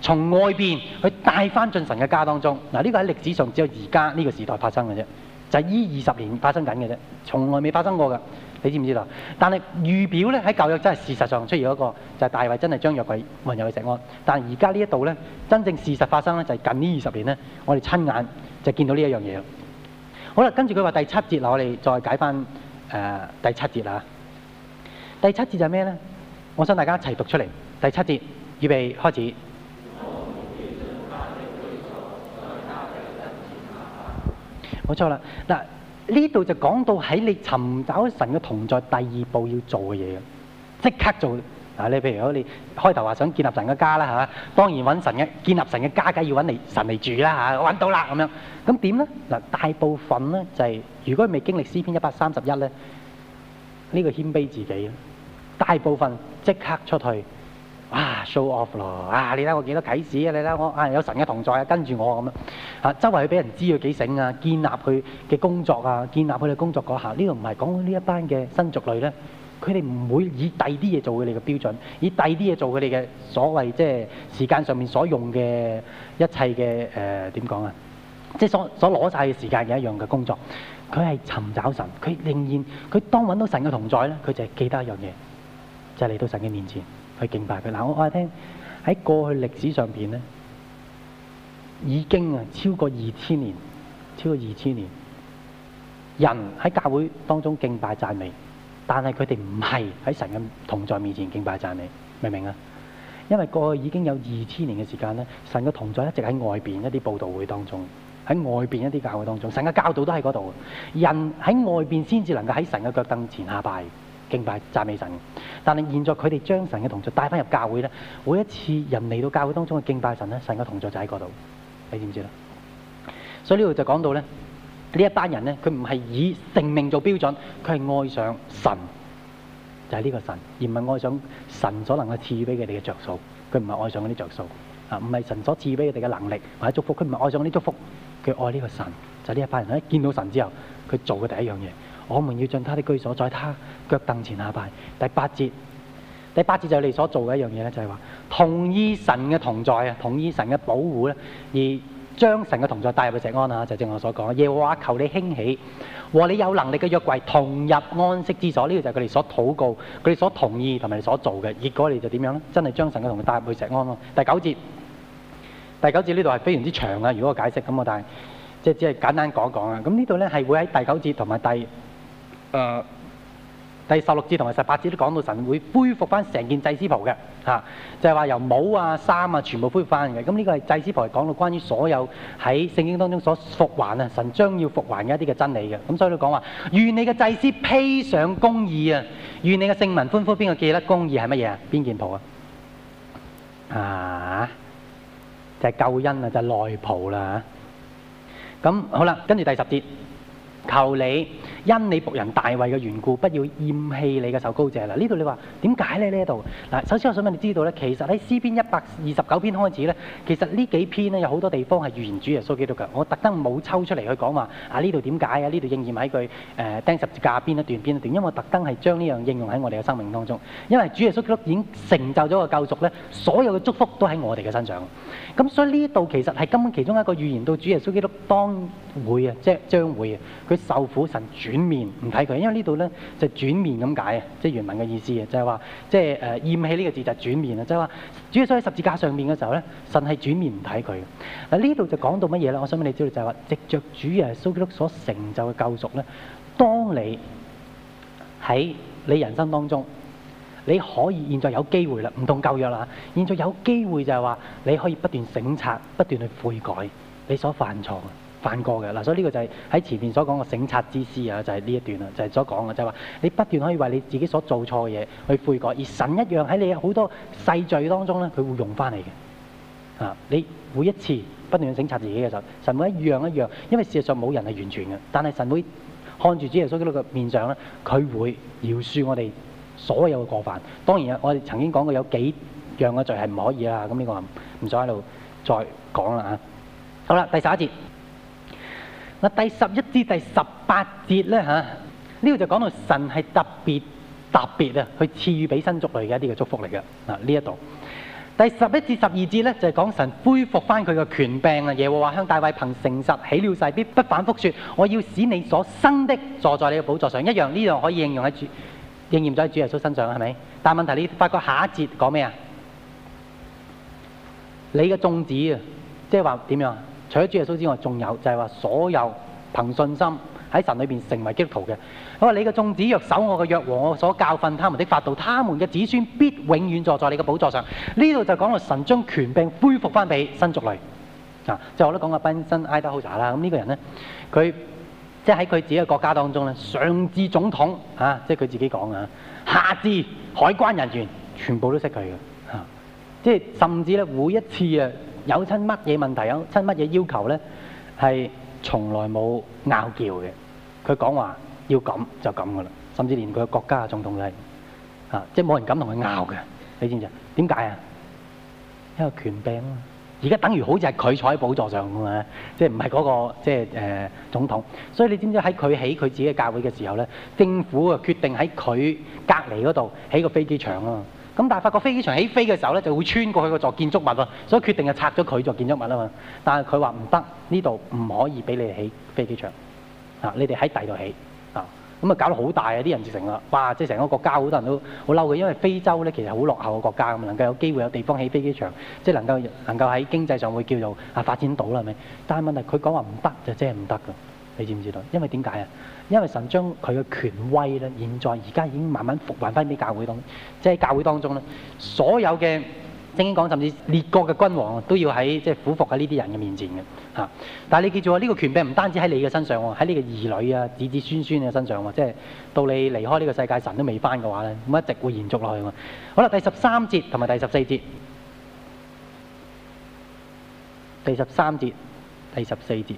從外邊去帶翻進神嘅家當中。嗱，呢個喺歷史上只有而家呢個時代發生嘅啫，就係呢二十年發生緊嘅啫，從來未發生過嘅。你知唔知道？但係預表咧，喺舊約真係事實上出現一個，就係大衛真係將約櫃運入去錫安，但係而家呢一度咧，真正事實發生咧，就係近呢二十年咧，我哋親眼就見到呢一樣嘢啦。好啦，跟住佢話第七節，我哋再解翻誒第七節啦。第七節就係咩咧？我想大家一齊讀出嚟。第七節，預備開始。冇錯啦，嗱。呢度就講到喺你尋找神嘅同在，第二步要做嘅嘢即刻做嗱、啊，你譬如你開頭話想建立神嘅家啦嚇、啊，當然揾神嘅建立神嘅家梗係要揾嚟神嚟住啦嚇，揾、啊、到啦咁樣，咁點咧嗱？大部分咧就係、是、如果未經歷詩篇一百三十一咧，呢、呢個謙卑自己，大部分即刻出去。啊，show off 咯！啊，你睇我幾多啟示啊！你睇我啊，有神嘅同在啊，跟住我咁啊！周圍去俾人知佢幾醒啊！建立佢嘅工作啊！建立佢嘅工作嗰下，呢度唔係講呢一班嘅新族類咧，佢哋唔會以第二啲嘢做佢哋嘅標準，以第二啲嘢做佢哋嘅所謂即係時間上面所用嘅一切嘅誒點講啊？即係所所攞晒嘅時間嘅一樣嘅工作，佢係尋找神，佢仍然佢當揾到神嘅同在咧，佢就係記得一樣嘢，就係嚟到神嘅面前。去敬拜佢。嗱，我話聽，喺過去歷史上邊咧，已經啊超過二千年，超過二千年，人喺教會當中敬拜讚美，但係佢哋唔係喺神嘅同在面前敬拜讚美，明唔明啊？因為過去已經有二千年嘅時間咧，神嘅同在一直喺外邊一啲佈道會當中，喺外邊一啲教會當中，神嘅教導都喺嗰度，人喺外邊先至能夠喺神嘅腳凳前下拜。敬拜讚美神，但係現在佢哋將神嘅同座帶翻入教會咧，每一次人嚟到教會當中嘅敬拜神咧，神嘅同座就喺嗰度，你知唔知咧？所以呢度就講到咧，呢一班人咧，佢唔係以性命做標準，佢係愛上神，就係呢個神，而唔係愛上神所能夠賜俾佢哋嘅着數，佢唔係愛上嗰啲着數啊，唔係神所賜俾佢哋嘅能力或者祝福，佢唔係愛上嗰啲祝福，佢愛呢個神，就係呢一班人一見到神之後，佢做嘅第一樣嘢。我們要進他的居所，在他腳凳前下拜。第八節，第八節就係你所做嘅一樣嘢咧，就係話同意神嘅同在啊，同意神嘅保護咧，而將神嘅同在帶入去錫安啊，就是、正如我所講啊。耶和華求你興起，和你有能力嘅約櫃同入安息之所。呢個就係佢哋所禱告，佢哋所同意同埋你所做嘅。結果你就點樣咧？真係將神嘅同在帶入去錫安咯。第九節，第九節呢度係非常之長啊，如果我解釋咁啊，我但係即係只係簡單講一講啊。咁呢度咧係會喺第九節同埋第。誒、呃，第十六節同埋十八節都講到神會恢復翻成件祭司袍嘅，吓、啊，就係、是、話由帽啊、衫啊全部恢復翻嘅。咁呢個係祭司袍係講到關於所有喺聖經當中所復還啊，神將要復還嘅一啲嘅真理嘅。咁所以都講話，願你嘅祭司披上公義啊，願你嘅聖民歡呼。邊個記得公義係乜嘢啊？邊件袍啊？啊，就係、是、救恩啊，就係、是、內袍啦、啊。咁好啦，跟住第十節。求你因你僕人大衛嘅緣故，不要厭棄你嘅受膏者嗱。呢度你話點解咧？呢度嗱，首先我想問你知道咧，其實喺詩篇一百二十九篇開始咧，其實呢幾篇咧有好多地方係預言主耶穌基督嘅。我特登冇抽出嚟去講話啊，呢度點解啊？呢度應驗喺佢誒釘十字架邊一段邊一段，因為我特登係將呢樣應用喺我哋嘅生命當中。因為主耶穌基督已經成就咗個救贖咧，所有嘅祝福都喺我哋嘅身上。咁所以呢度其實係根本其中一個預言到主耶穌基督當會啊，即係將會啊，佢。受苦，神轉面唔睇佢，因為這裏呢度咧就係轉面咁解嘅，即係原文嘅意思嘅，就係話即係誒厭棄呢個字就轉面啊，即係話主要所喺十字架上面嘅時候咧，神係轉面唔睇佢。嗱呢度就講到乜嘢咧？我想畀你知道就係話藉著主耶穌基督所成就嘅救贖咧，當你喺你人生當中，你可以現在有機會啦，唔同舊約啦，現在有機會就係話你可以不斷省察，不斷去悔改你所犯錯。犯過嘅嗱，所以呢個就係喺前面所講嘅省察之師啊，就係呢一段啦，就係所講嘅，就係話你不斷可以為你自己所做錯嘅嘢去悔改，而神一樣喺你好多細罪當中咧，佢會用翻你嘅啊，你每一次不斷去省察自己嘅時候，神會一樣一樣，因為事實上冇人係完全嘅，但係神會看住主耶穌基督嘅面上咧，佢會饒恕我哋所有嘅過犯。當然啊，我哋曾經講過有幾樣嘅罪係唔可以啦，咁呢個唔想喺度再講啦嚇。好啦，第十一節。嗱，第十一至第十八節咧吓，呢度就講到神係特別特別啊，去賜予俾新族類嘅一啲嘅祝福嚟嘅嗱，呢一度第十一至十二節咧就係、是、講神恢復翻佢嘅權柄啊！耶和華向大衛憑誠實起了誓，必不反復說，我要使你所生的坐在你嘅寶座上。一樣呢樣可以應用喺主應驗咗喺主耶穌身上啊，係咪？但係問題你發覺下一節講咩啊？你嘅宗旨，啊，即係話點樣？除咗主耶穌之外，仲有就係話所有憑信心喺神裏邊成為基督徒嘅。我話你嘅眾子若守我嘅約和我所教訓他們的法度，他們嘅子孫必永遠坐在你嘅寶座上。呢度就講到神將權柄恢復翻俾新族類。啊，就我都講，Benson Idaho 啦。咁呢個人呢，佢即係喺佢自己嘅國家當中呢，上至總統嚇，即係佢自己講啊，下至海關人員，全部都識佢嘅。嚇、啊，即係甚至咧，每一次啊～有親乜嘢問題啊？親乜嘢要求咧？係從來冇拗撬嘅。佢講話要咁就咁噶啦，甚至連佢國家嘅總統都係嚇，即係冇人敢同佢拗嘅。你知唔知啊？點解啊？因為權柄啊嘛。而家等於好似係佢坐喺寶座上咁啊，即係唔係嗰個即係誒總統。所以你知唔知喺佢起佢自己嘅教會嘅時候咧，政府啊決定喺佢隔離嗰度起個飛機場啊。咁但係發覺飛機場起飛嘅時候咧，就會穿過去個座建築物啊，所以決定係拆咗佢座建築物啊嘛。但係佢話唔得，呢度唔可以俾你哋起飛機場啊！你哋喺第度起啊！咁啊搞到好大啊！啲人就成啦，哇！即係成個國家好多人都好嬲嘅，因為非洲咧其實好落後嘅國家咁能夠有機會有地方起飛機場，即係能夠能夠喺經濟上會叫做啊發展到啦，係咪？但係問題佢講話唔得就真係唔得㗎，你知唔知道？因為點解啊？因為神將佢嘅權威咧，現在而家已經慢慢復還翻俾教會當，即係教會當中咧，所有嘅正經講，甚至列國嘅君王都要喺即係俯伏喺呢啲人嘅面前嘅吓。但係你記住啊，呢、這個權柄唔單止喺你嘅身上喎，喺呢個兒女啊、子子孫孫嘅身上喎，即、就、係、是、到你離開呢個世界，神都未翻嘅話咧，咁一直會延續落去啊。好啦，第十三節同埋第十四節，第十三節，第十四節。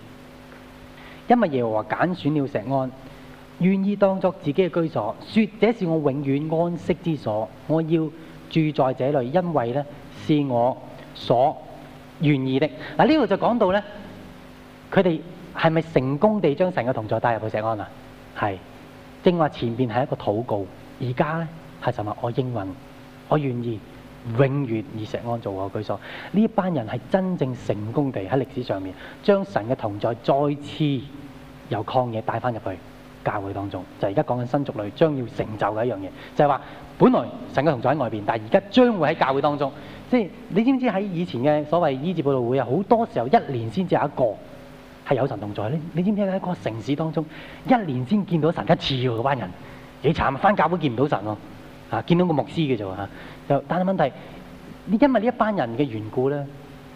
因為耶和華揀選了錫安，願意當作自己嘅居所，說這是我永遠安息之所，我要住在這裏，因為呢，是我所願意的。嗱、啊，呢度就講到呢，佢哋係咪成功地將神嘅同在帶入去錫安啊？係，正話前面係一個禱告，而家呢，係就話我應允，我願意。永遠以錫安做的我居所，呢一班人係真正成功地喺歷史上面，將神嘅同在再次由曠野帶翻入去教會當中。就而家講緊新族類將要成就嘅一樣嘢，就係話，本來神嘅同在喺外邊，但係而家將會喺教會當中。即係你知唔知喺以前嘅所謂醫治佈道會啊？好多時候一年先至有一個係有神同在。你你知唔知喺一個城市當中，一年先見到神一次啊？嗰班人幾慘啊！翻教會見唔到神喎，啊，見到個牧師嘅啫喎。但係問題是，因為呢一班人嘅緣故咧，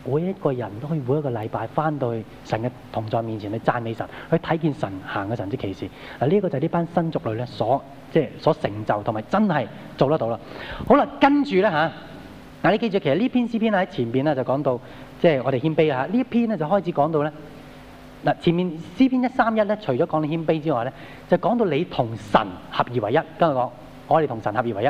每一個人都可以每一個禮拜翻到去神嘅同在面前去讚美神，去睇見神行嘅神之奇事。嗱、啊，呢、這個就係呢班新族類咧所即係所成就同埋真係做得到啦。好啦，跟住咧嗱你記住，其實呢篇詩篇喺前面咧就講到即係、就是、我哋謙卑啊呢一這篇咧就開始講到咧嗱、啊，前面詩篇一三一咧除咗講謙卑之外咧，就講到你同神合二為一。跟我講，我哋同神合二為一。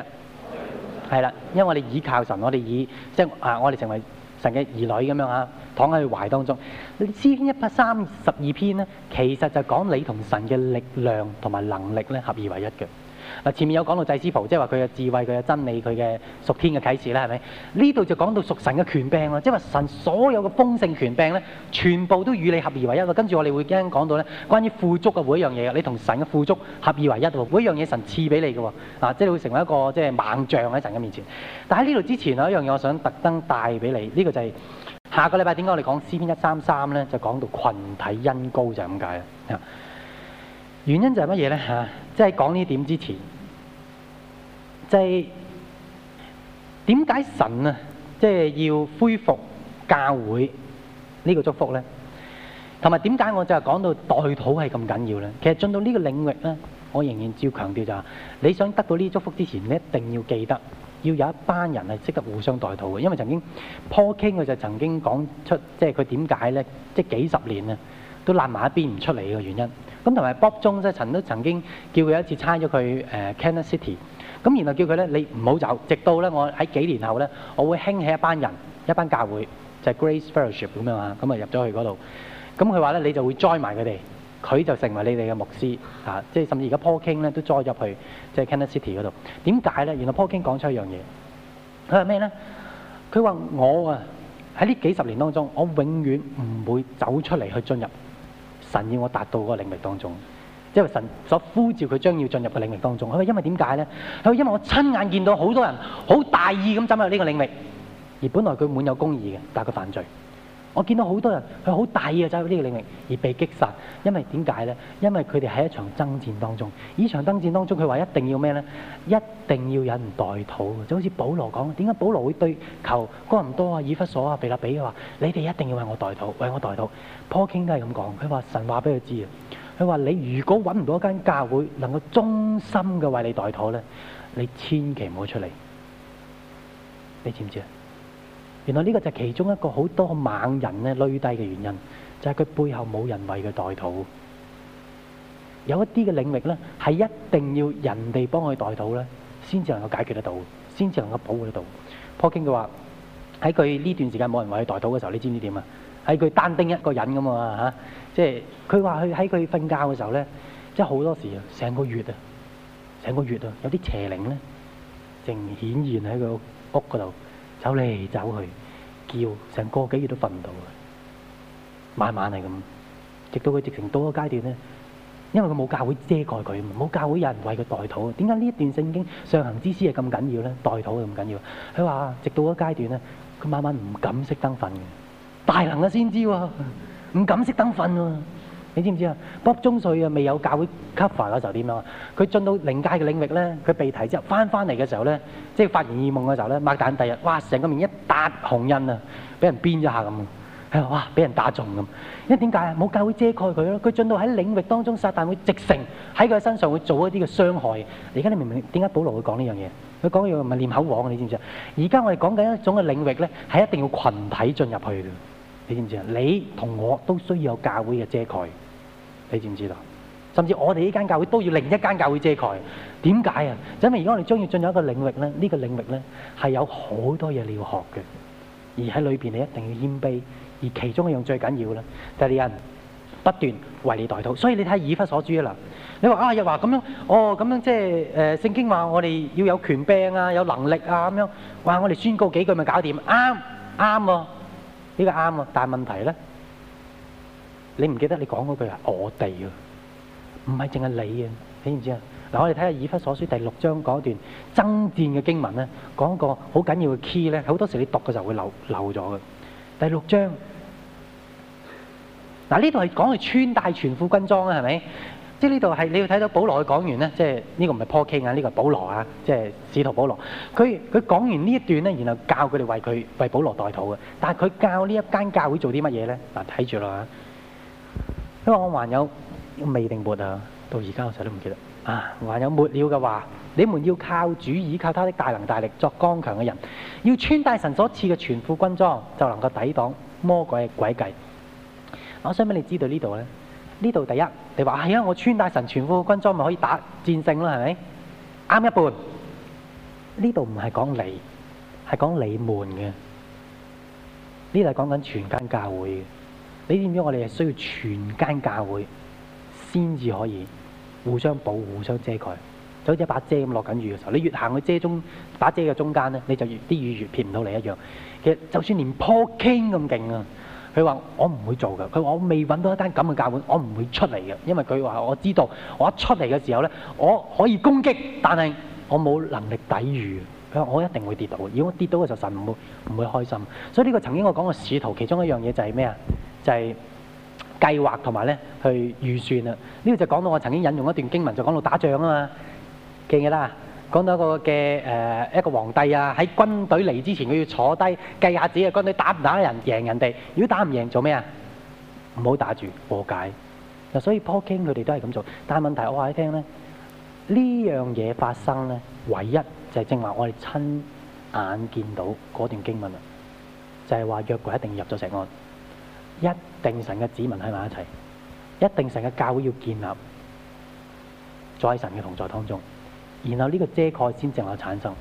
係啦，因為我哋倚靠神，我哋以即係啊，我哋成為神嘅兒女咁樣啊，躺喺佢懷當中。你詩篇一百三十二篇咧，其實就講你同神嘅力量同埋能力咧，合二為一嘅。嗱，前面有講到祭司袍，即係話佢嘅智慧，佢嘅真理，佢嘅屬天嘅啟示啦，係咪？呢度就講到屬神嘅權柄咯，即係話神所有嘅豐盛權柄咧，全部都與你合二為一咯。跟住我哋會驚講到咧，關於富足嘅每一樣嘢，你同神嘅富足合二為一，每一樣嘢神賜俾你嘅喎，即係會成為一個即係猛將喺神嘅面前。但喺呢度之前有一樣嘢我想特登帶俾你，呢、這個就係下個禮拜點解我哋講詩篇一三三咧，就講到群體恩膏就咁解啦。原因就係乜嘢咧嚇？即係講呢點之前，即係點解神啊，即係要恢復教會呢個祝福咧？同埋點解我就係講到代禱係咁緊要咧？其實進到呢個領域咧，我仍然要強調就係，你想得到呢祝福之前，你一定要記得要有一班人係識得互相代禱嘅。因為曾經 Paul King 佢就曾經講出，即係佢點解咧，即係幾十年啊都攔埋一邊唔出嚟嘅原因。咁同埋 Bob 中西曾都曾經叫佢一次差咗佢誒 Kansas City，咁然後叫佢咧，你唔好走，直到咧我喺幾年後咧，我會興起一班人、一班教會，就係、是、Grace Fellowship 咁樣啊，咁啊入咗去嗰度。咁佢話咧，你就會栽埋佢哋，佢就成為你哋嘅牧師。即係甚至而家 Paul King 咧都栽入去即係 Kansas City 嗰度。點解咧？然後 Paul King 講出一樣嘢，佢話咩咧？佢話我啊喺呢幾十年當中，我永遠唔會走出嚟去進入。神要我達到嗰個領域當中，因為神所呼召佢將要進入嘅領域當中。係咪因為點解咧？係因為我親眼見到好多人好大意咁進入呢個領域，而本來佢滿有公義嘅，但係佢犯罪。我見到好多人，佢好大意啊，走入呢個領域而被擊殺。因為點解呢？因為佢哋喺一場爭戰當中。呢場爭戰當中，佢話一定要咩呢？一定要有人代禱。就好似保羅講，點解保羅會對求哥林多啊、以弗所啊、腓立比嘅話，你哋一定要為我代禱，為我代禱，Paul King 都係咁講，佢話神話俾佢知啊。佢話你如果揾唔到一間教會能夠忠心嘅為你代禱呢，你千祈唔好出嚟。你知唔知啊？原來呢個就係其中一個好多猛人咧累低嘅原因，就係佢背後冇人為佢代禱。有一啲嘅領域呢，係一定要人哋幫佢代禱呢，先至能夠解決得到，先至能夠保護得到。普京佢話：喺佢呢段時間冇人為佢代禱嘅時候，你知唔知點啊？喺佢單丁一個人咁嘛。嚇、啊，即係佢話佢喺佢瞓覺嘅時候呢，即係好多時成個月啊，成個月啊，有啲邪靈呢，正顯現喺佢屋嗰度。走嚟走去，叫成個幾月都瞓唔到嘅，晚晚係咁，直到佢直情到個階段咧，因為佢冇教會遮蓋佢，冇教會有人為佢代禱。點解呢一段聖經上行之詩係咁緊要咧？代禱係咁緊要，佢話直到嗰階段咧，佢晚晚唔敢熄燈瞓嘅，大能嘅先知喎，唔敢熄燈瞓喎。你知唔知啊？卜中瑞未有教會 cover 嗰時候點樣？佢進到靈界嘅領域呢，佢被提之後翻翻嚟嘅時候呢，即係發完異夢嘅時候呢，擘大眼第二日，哇！成個面一笪紅印啊，俾人鞭咗下咁嘅，係哇！俾人打中咁。因為點解啊？冇教會遮蓋佢咯，佢進到喺領域當中撒但會直成喺佢身上會做一啲嘅傷害。而家你明唔明點解保羅會講呢樣嘢？佢講嘢唔係念口簧啊，你知唔知啊？而家我哋講緊一種嘅領域咧，係一定要群體進入去嘅，你知唔知啊？你同我都需要有教會嘅遮蓋。你知唔知道？甚至我哋呢間教會都要另一間教會遮蓋。點解啊？因為而家我哋將要進入一個領域咧，呢個領域咧係有好多嘢你要學嘅，而喺裏邊你一定要謙卑。而其中一樣最緊要咧，就係有人不斷為你代禱。所以你睇以弗所書啊啦，你話啊又話咁樣，哦咁樣即係誒聖經話我哋要有權柄啊，有能力啊咁樣，話我哋宣告幾句咪搞掂？啱啱喎，呢個啱喎，但係問題咧？你唔記得你講嗰句啊？我哋啊，唔係淨係你啊，你唔知啊？嗱，我哋睇下以弗所書第六章嗰一段爭戰嘅經文咧，講個好緊要嘅 key 咧，好多時你讀嘅時候會漏漏咗嘅。第六章嗱，呢度係講係穿戴全副軍裝啊，係咪？即係呢度係你要睇到保羅講完咧，即係呢個唔係坡 key 啊，呢個係保羅啊，即係使徒保羅。佢佢講完呢一段咧，然後教佢哋為佢為保羅代禱嘅。但係佢教呢一間教會做啲乜嘢咧？嗱，睇住啦。因為我還有未定末啊，到而家我實都唔記得啊。還有末了嘅話，你們要靠主，依靠他的大能大力，作剛強嘅人，要穿戴神所賜嘅全副軍裝，就能夠抵擋魔鬼嘅詭計。我想俾你知道呢度呢，呢度第一，你話係啊，我穿戴神全副軍裝咪可以打戰勝咯，係咪？啱一半。呢度唔係講你，係講你們嘅。呢度係講緊全間教會嘅。你知唔知我哋係需要全間教會先至可以互相保護、互相遮蓋，就好似一把遮咁，落緊雨嘅時候，你越行去遮中把遮嘅中間咧，你就越啲雨越撇唔到你一樣。其實就算連 Paul King 咁勁啊，佢話我唔會做㗎。佢話我未搵到一單咁嘅教會，我唔會出嚟嘅。因為佢話我知道我一出嚟嘅時候咧，我可以攻擊，但係我冇能力抵禦。佢話我一定會跌到，如果跌到嘅時候，神唔會唔會開心。所以呢個曾經我講過使徒其中一樣嘢就係咩啊？就係計劃同埋咧，去預算啦。呢個就講到我曾經引用一段經文，就講到打仗啊嘛。記唔記得啊？講到一個嘅誒一個皇帝啊，喺軍隊嚟之前佢要坐低計下子啊，軍隊打唔打人贏人哋？如果打唔贏做咩啊？唔好打住，和解。所以破經佢哋都係咁做，但係問題我話你聽咧，呢樣嘢發生咧唯一。就係正話，我哋親眼見到嗰段經文啊！就係話約櫃一定要入咗錫安，一定神嘅子民喺埋一齊，一定神嘅教會要建立，再神嘅同在當中，然後呢個遮蓋先正有產生。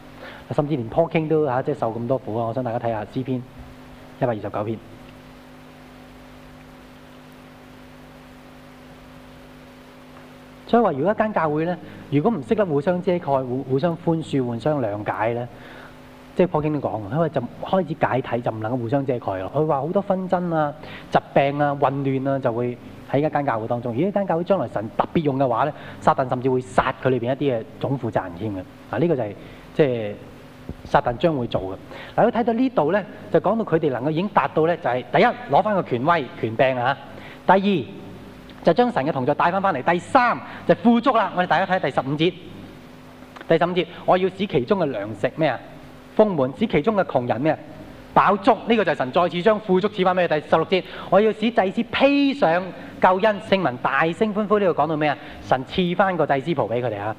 甚至連 Paul King 都吓即係受咁多苦啊！我想大家睇下詩篇一百二十九篇。所以話，如果一間教會咧，如果唔識得互相遮蓋、互互相寬恕、互相諒解咧，即係《破經》都講，因為就開始解體，就唔能夠互相遮蓋咯。佢話好多紛爭啊、疾病啊、混亂啊，就會喺一間教會當中。如果一間教會將來神特別用嘅話咧，撒但甚至會殺佢裏邊一啲嘅總負責人添嘅。啊，呢個就係即係撒但將會做嘅。嗱，你睇到呢度咧，就講到佢哋能夠已經達到咧，就係第一攞翻個權威、權柄啊。第二。就將神嘅同在帶翻翻嚟。第三就富足啦。我哋大家睇下第十五節。第十五節，我要使其中嘅糧食咩啊？豐滿，使其中嘅窮人咩？飽足。呢個就係神再次將富足賜翻俾佢。第十六節，我要使祭司披上救恩，聖民，大聲歡呼。呢度講到咩啊？神賜翻個祭司袍俾佢哋啊！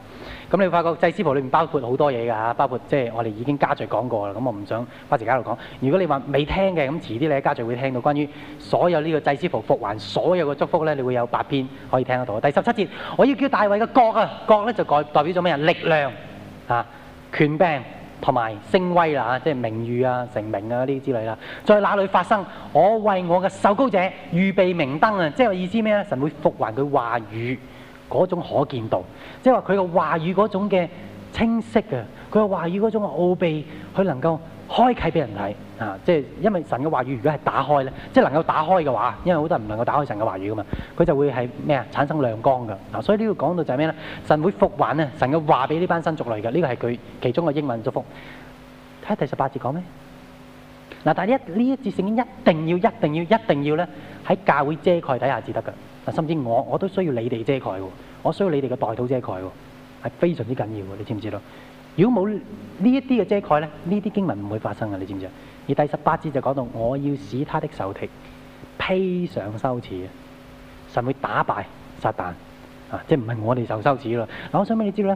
咁你會發覺祭司袍裏面包括好多嘢㗎，吓，包括即係我哋已經家聚講過啦。咁我唔想花時間喺度講。如果你話未聽嘅，咁遲啲你喺家聚會聽到關於所有呢個祭司袍復還所有嘅祝福咧，你會有八篇可以聽得到。第十七節，我要叫大衛嘅角啊，角咧就代代表咗咩人？力量啊，權柄同埋聲威啦，即係名譽啊、成名啊呢啲之類啦。在哪裏發生？我為我嘅受膏者預備明燈啊，即係意思咩咧？神會復還佢話語。嗰種可見度，即係話佢嘅話語嗰種嘅清晰嘅，佢嘅話語嗰種奧秘，佢能夠開啟俾人睇啊！即係因為神嘅話語如果係打開咧，即係能夠打開嘅話，因為好多人都唔能夠打開神嘅話語噶嘛，佢就會係咩啊？產生亮光噶啊！所以呢個講到就係咩咧？神會復還咧，神嘅話俾呢班新族類嘅，呢個係佢其中嘅應允祝福。睇下第十八節講咩？嗱，但係一呢一節聖經一定要、一定要、一定要咧，喺教會遮蓋底下至得噶。甚至我我都需要你哋遮蓋喎，我需要你哋嘅代禱遮蓋喎，係非常之緊要嘅，你知唔知咯？如果冇呢一啲嘅遮蓋呢，呢啲經文唔會發生嘅，你知唔知啊？而第十八節就講到，我要使他的仇敵披上羞恥啊！神會打敗撒旦，啊！即係唔係我哋受羞恥喇。啊」嗱，我想俾你知道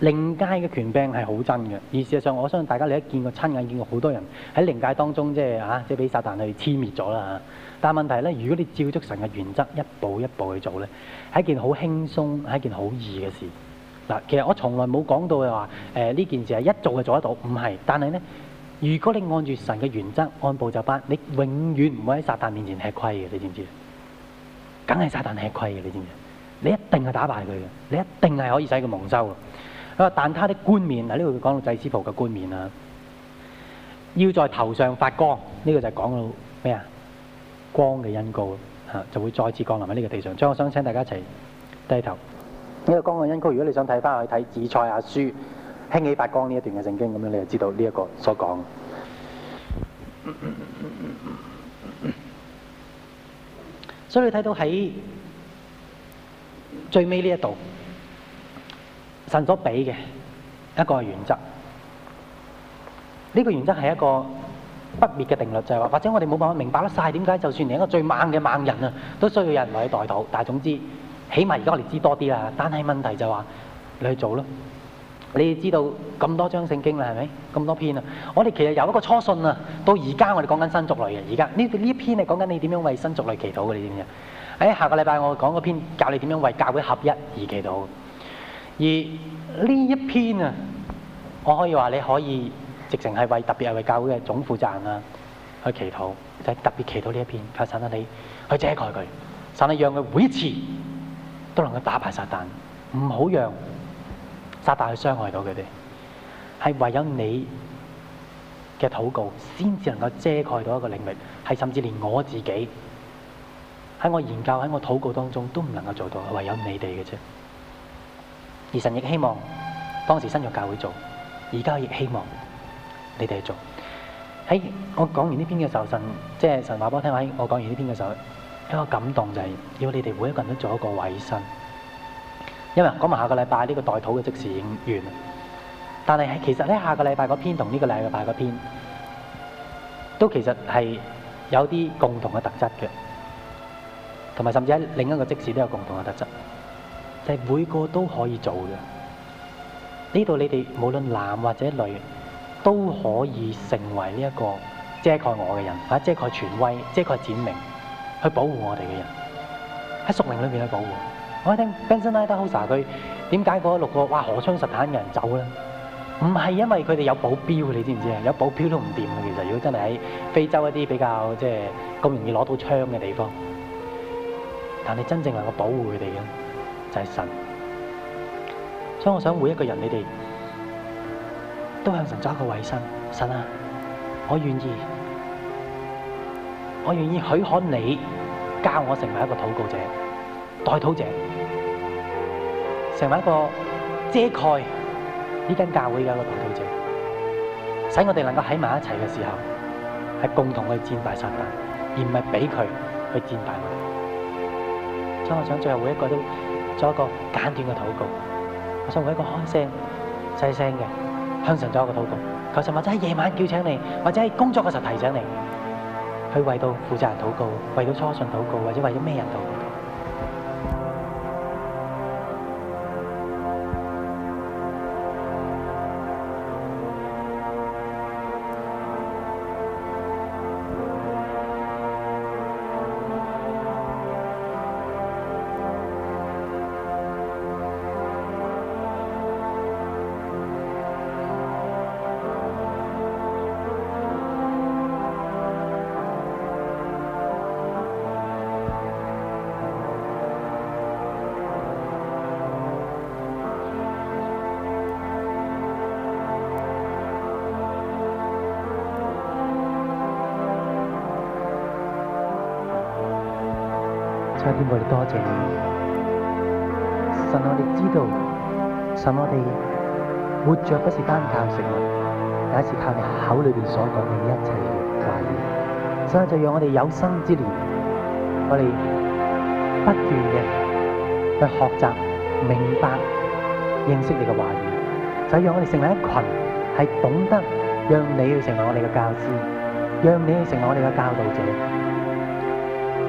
咧，靈界嘅權柄係好真嘅，而事實上，我相信大家你都見過親眼見過，好多人喺靈界當中即係啊，即俾撒旦去殲滅咗啦。啊。但問題咧，如果你照足神嘅原則一步一步去做咧，係一件好輕鬆、係一件好易嘅事。嗱，其實我從來冇講到話誒呢件事係一做就做得到，唔係。但係咧，如果你按住神嘅原則按部就班，你永遠唔會喺撒但面前吃虧嘅，你知唔知？梗係撒但吃虧嘅，你知唔知？你一定係打敗佢嘅，你一定係可以使佢蒙羞嘅。佢話：但他的冠冕，嗱呢度講到祭司袍嘅冠冕啊，要在頭上發光。呢個就係講到咩啊？光嘅恩膏，嚇就會再次降臨喺呢個地上。所以我想請大家一齊低頭。呢個光嘅恩膏，如果你想睇返去睇《以賽亞書》，興起發光呢一段嘅聖經，咁樣你就知道呢一個所講。所以你睇到喺最尾呢一度，神所俾嘅一個原則，呢個原則係一個。不滅嘅定律就係話，或者我哋冇辦法明白得晒點解，就算嚟一個最猛嘅猛人啊，都需要有人嚟代禱。但係總之，起碼而家我哋知多啲啦。但係問題就話，你去做咯。你知道咁多章聖經啦，係咪？咁多篇啊！我哋其實由一個初信啊，到而家我哋講緊新族類嘅。而家呢呢一篇係講緊你點樣為新族類祈禱嘅，你知唔知？誒、哎，下個禮拜我會講嗰篇，教你點樣為教會合一而祈禱。而呢一篇啊，我可以話你可以。直情係為特別係為教會嘅總負責人啊，去祈禱，就係、是、特別祈禱呢一片。求神得你去遮蓋佢，神啊，讓佢每一次都能夠打敗撒旦，唔好讓撒旦去傷害到佢哋。係唯有你嘅禱告，先至能夠遮蓋到一個領域。係甚至連我自己喺我研究、喺我禱告當中，都唔能夠做到。係唯有你哋嘅啫。而神亦希望當時新約教會做，而家亦希望。你哋去做喺、hey, 我講完呢篇嘅時候，神即係神話俾我聽。喺我講完呢篇嘅時候，一個感動就係要你哋每一個人都做一個委身。因為講埋下個禮拜呢個代禱嘅職事已經完啦。但係其實咧，下個禮拜嗰篇同呢個禮拜嗰篇都其實係有啲共同嘅特質嘅，同埋甚至喺另一個職事都有共同嘅特質，就係、是、每個都可以做嘅。呢度你哋無論男或者女。都可以成為呢一個遮蓋我嘅人，或者遮蓋權威，遮蓋展明，去保護我哋嘅人喺宿命裏邊去保護。我一聽 Benson Idahosa 佢點解嗰六個哇荷槍實彈嘅人走咧？唔係因為佢哋有保鏢，你知唔知啊？有保鏢都唔掂啊！其實如果真係喺非洲一啲比較即係咁容易攞到槍嘅地方，但係真正能夠保護佢哋嘅，就係、是、神。所以我想每一個人你哋，都向神做一個衛生，神啊，我願意，我願意許可你教我成為一個禱告者，代禱者，成為一個遮蓋呢間教會嘅一個代禱者，使我哋能夠喺埋一齊嘅時候，係共同去戰敗神，而唔係俾佢去戰敗我。所以我想最後每一個都做一個簡短嘅禱告，我想每一個開聲細聲嘅。向上做一個禱告，求神或者喺夜晚叫醒你，或者喺工作嘅時候提醒你，去為到負責人禱告，為到初信禱告，或者為咗咩人禱告。讓我哋有生之年，我哋不斷嘅去學習、明白、認識你嘅話語，就讓我哋成為一群係懂得，讓你去成為我哋嘅教師，讓你成為我哋嘅教導者。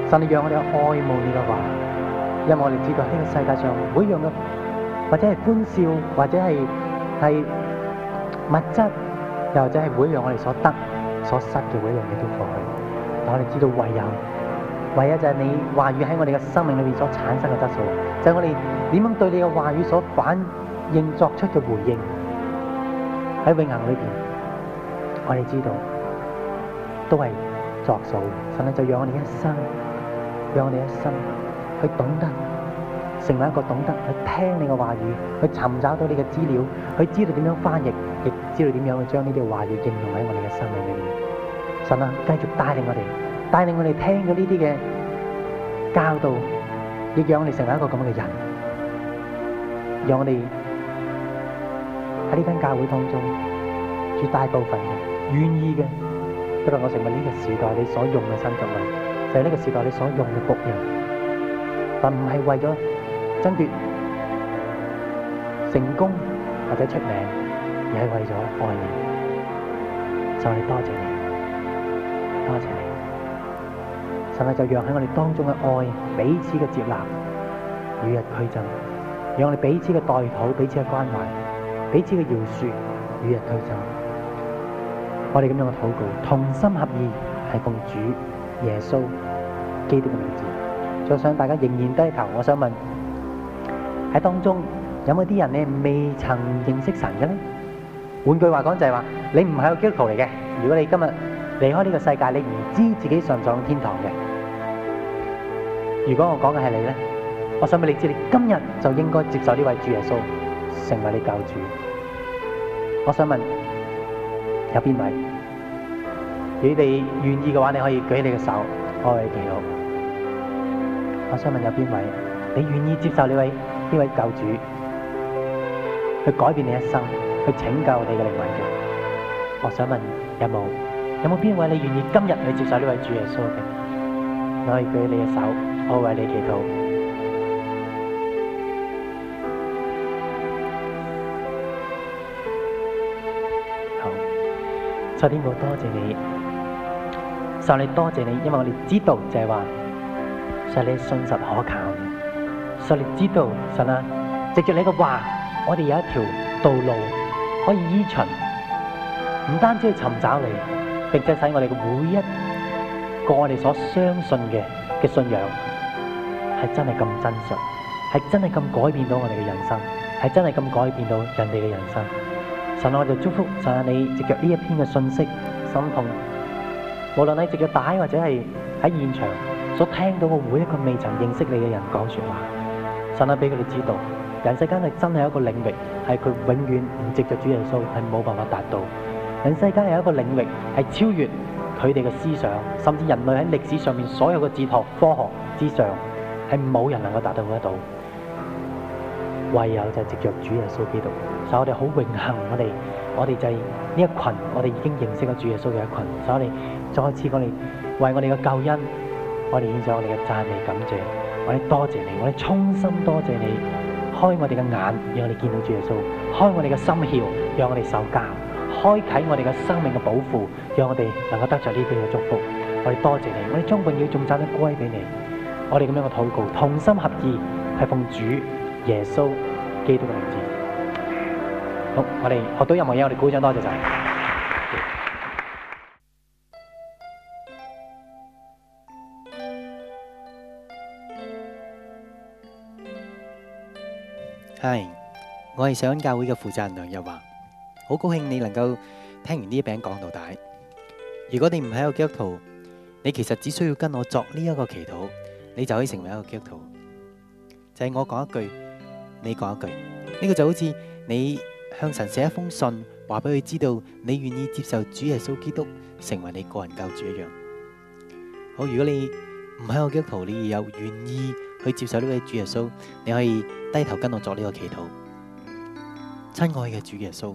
甚至讓我哋愛慕你嘅話，因為我哋知道呢個世界上每一樣嘅，或者係歡笑，或者係係物質，又或者係每一樣我哋所得、所失嘅每一樣嘢都過去。我哋知道唯有，唯一就係你話語喺我哋嘅生命裏邊所產生嘅質素，就係我哋點樣對你嘅話語所反應作出嘅回應。喺永恆裏邊，我哋知道都係作數。神啊，就讓我哋一生，讓我哋一生去懂得，成為一個懂得去聽你嘅話語，去尋找到你嘅資料，去知道點樣翻譯，亦知道點樣去將呢啲話語應用喺我哋嘅生命裏邊。神啊，繼續帶領我哋，帶領我哋聽佢呢啲嘅教導，亦讓我哋成為一個咁樣嘅人，讓我哋喺呢間教會當中，絕大部分嘅願意嘅，都能夠成為呢個時代你所用嘅信徒，就係呢個時代你所用嘅僕人，但唔係為咗爭奪成功或者出名，而係為咗愛你，就係多謝你。多謝你，神啊就讓喺我哋當中嘅愛，彼此嘅接納與日俱增，讓我哋彼此嘅代禱、彼此嘅關懷、彼此嘅饒恕與日俱增。我哋咁樣嘅禱告，同心合意係奉主耶穌基督嘅名字。再想大家仍然低頭，我想問喺當中有冇啲人咧未曾認識神嘅咧？換句話講就係話，你唔係個基督徒嚟嘅。如果你今日，離開呢個世界，你唔知自己上唔上天堂嘅。如果我講嘅係你咧，我想俾你知，你今日就應該接受呢位主耶穌，成為你救主。我想問有邊位，你哋願意嘅話，你可以舉起你嘅手，我可以祈禱。我想問有邊位，你願意接受呢位呢位救主，去改變你一生，去拯救你嘅靈魂嘅？我想問有冇？有冇邊位你願意今日去接受呢位主耶穌嘅？我可以舉你嘅手，我為你祈禱。好，神啲我多謝你，受你多謝你，因為我哋知道就係話，神你的信實可靠嘅，神你知道，神啊，藉着你嘅話，我哋有一條道路可以依循，唔單止去尋找你。並且使我哋嘅每一個，我哋所相信嘅嘅信仰係真係咁真實，係真係咁改變到我哋嘅人生，係真係咁改變到人哋嘅人生。神啊，我就祝福，神啊，你藉着呢一篇嘅信息，心痛，無論你藉着睇，或者係喺現場所聽到嘅每一個未曾認識你嘅人講說話，神啊，俾佢哋知道，人世間係真係一個領域，係佢永遠唔藉着主耶穌係冇辦法達到。人世間有一個領域係超越佢哋嘅思想，甚至人類喺歷史上面所有嘅哲學、科學之上，係冇人能夠達到得到。唯有就係藉着主耶穌基督，所以我哋好榮幸我們，我哋我哋就係呢一群，我哋已經認識咗主耶穌嘅一群。所以我哋再次我哋為我哋嘅救恩，我哋獻上我哋嘅讚美感謝，我哋多謝你，我哋衷心多謝你，開我哋嘅眼，讓我哋見到主耶穌，開我哋嘅心竅，讓我哋受教。開啟我哋嘅生命嘅保護，讓我哋能夠得着呢啲嘅祝福。我哋多謝你，我哋將永遠種扎啲歸俾你。我哋咁樣嘅禱告，同心合意，係奉主耶穌基督嘅名字。好，我哋學到任何嘢？我哋鼓掌多謝晒。係，我係社運教會嘅負責人梁日華。好高興你能夠聽完呢一篇講道。如果你唔係一個基督徒，你其實只需要跟我作呢一個祈禱，你就可以成為一個基督徒。就係我講一句，你講一句，呢個就好似你向神寫一封信，話俾佢知道你願意接受主耶穌基督成為你個人救主一樣。好，如果你唔係一個基督徒，你又願意去接受呢位主耶穌，你可以低頭跟我作呢個祈禱。親愛嘅主耶穌。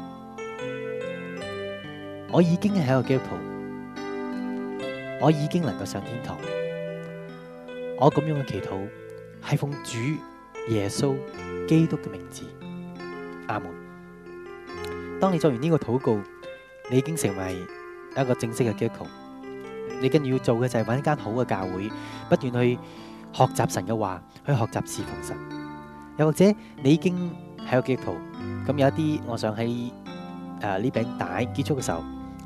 我已經係一個基督徒，我已經能夠上天堂。我咁樣嘅祈禱係奉主耶穌基督嘅名字，阿門。當你做完呢個禱告，你已經成為一個正式嘅基督徒。你跟住要做嘅就係揾一間好嘅教會，不斷去學習神嘅話，去學習侍奉神。又或者你已經係個基督徒，咁有一啲，我想喺誒呢餅帶結束嘅時候。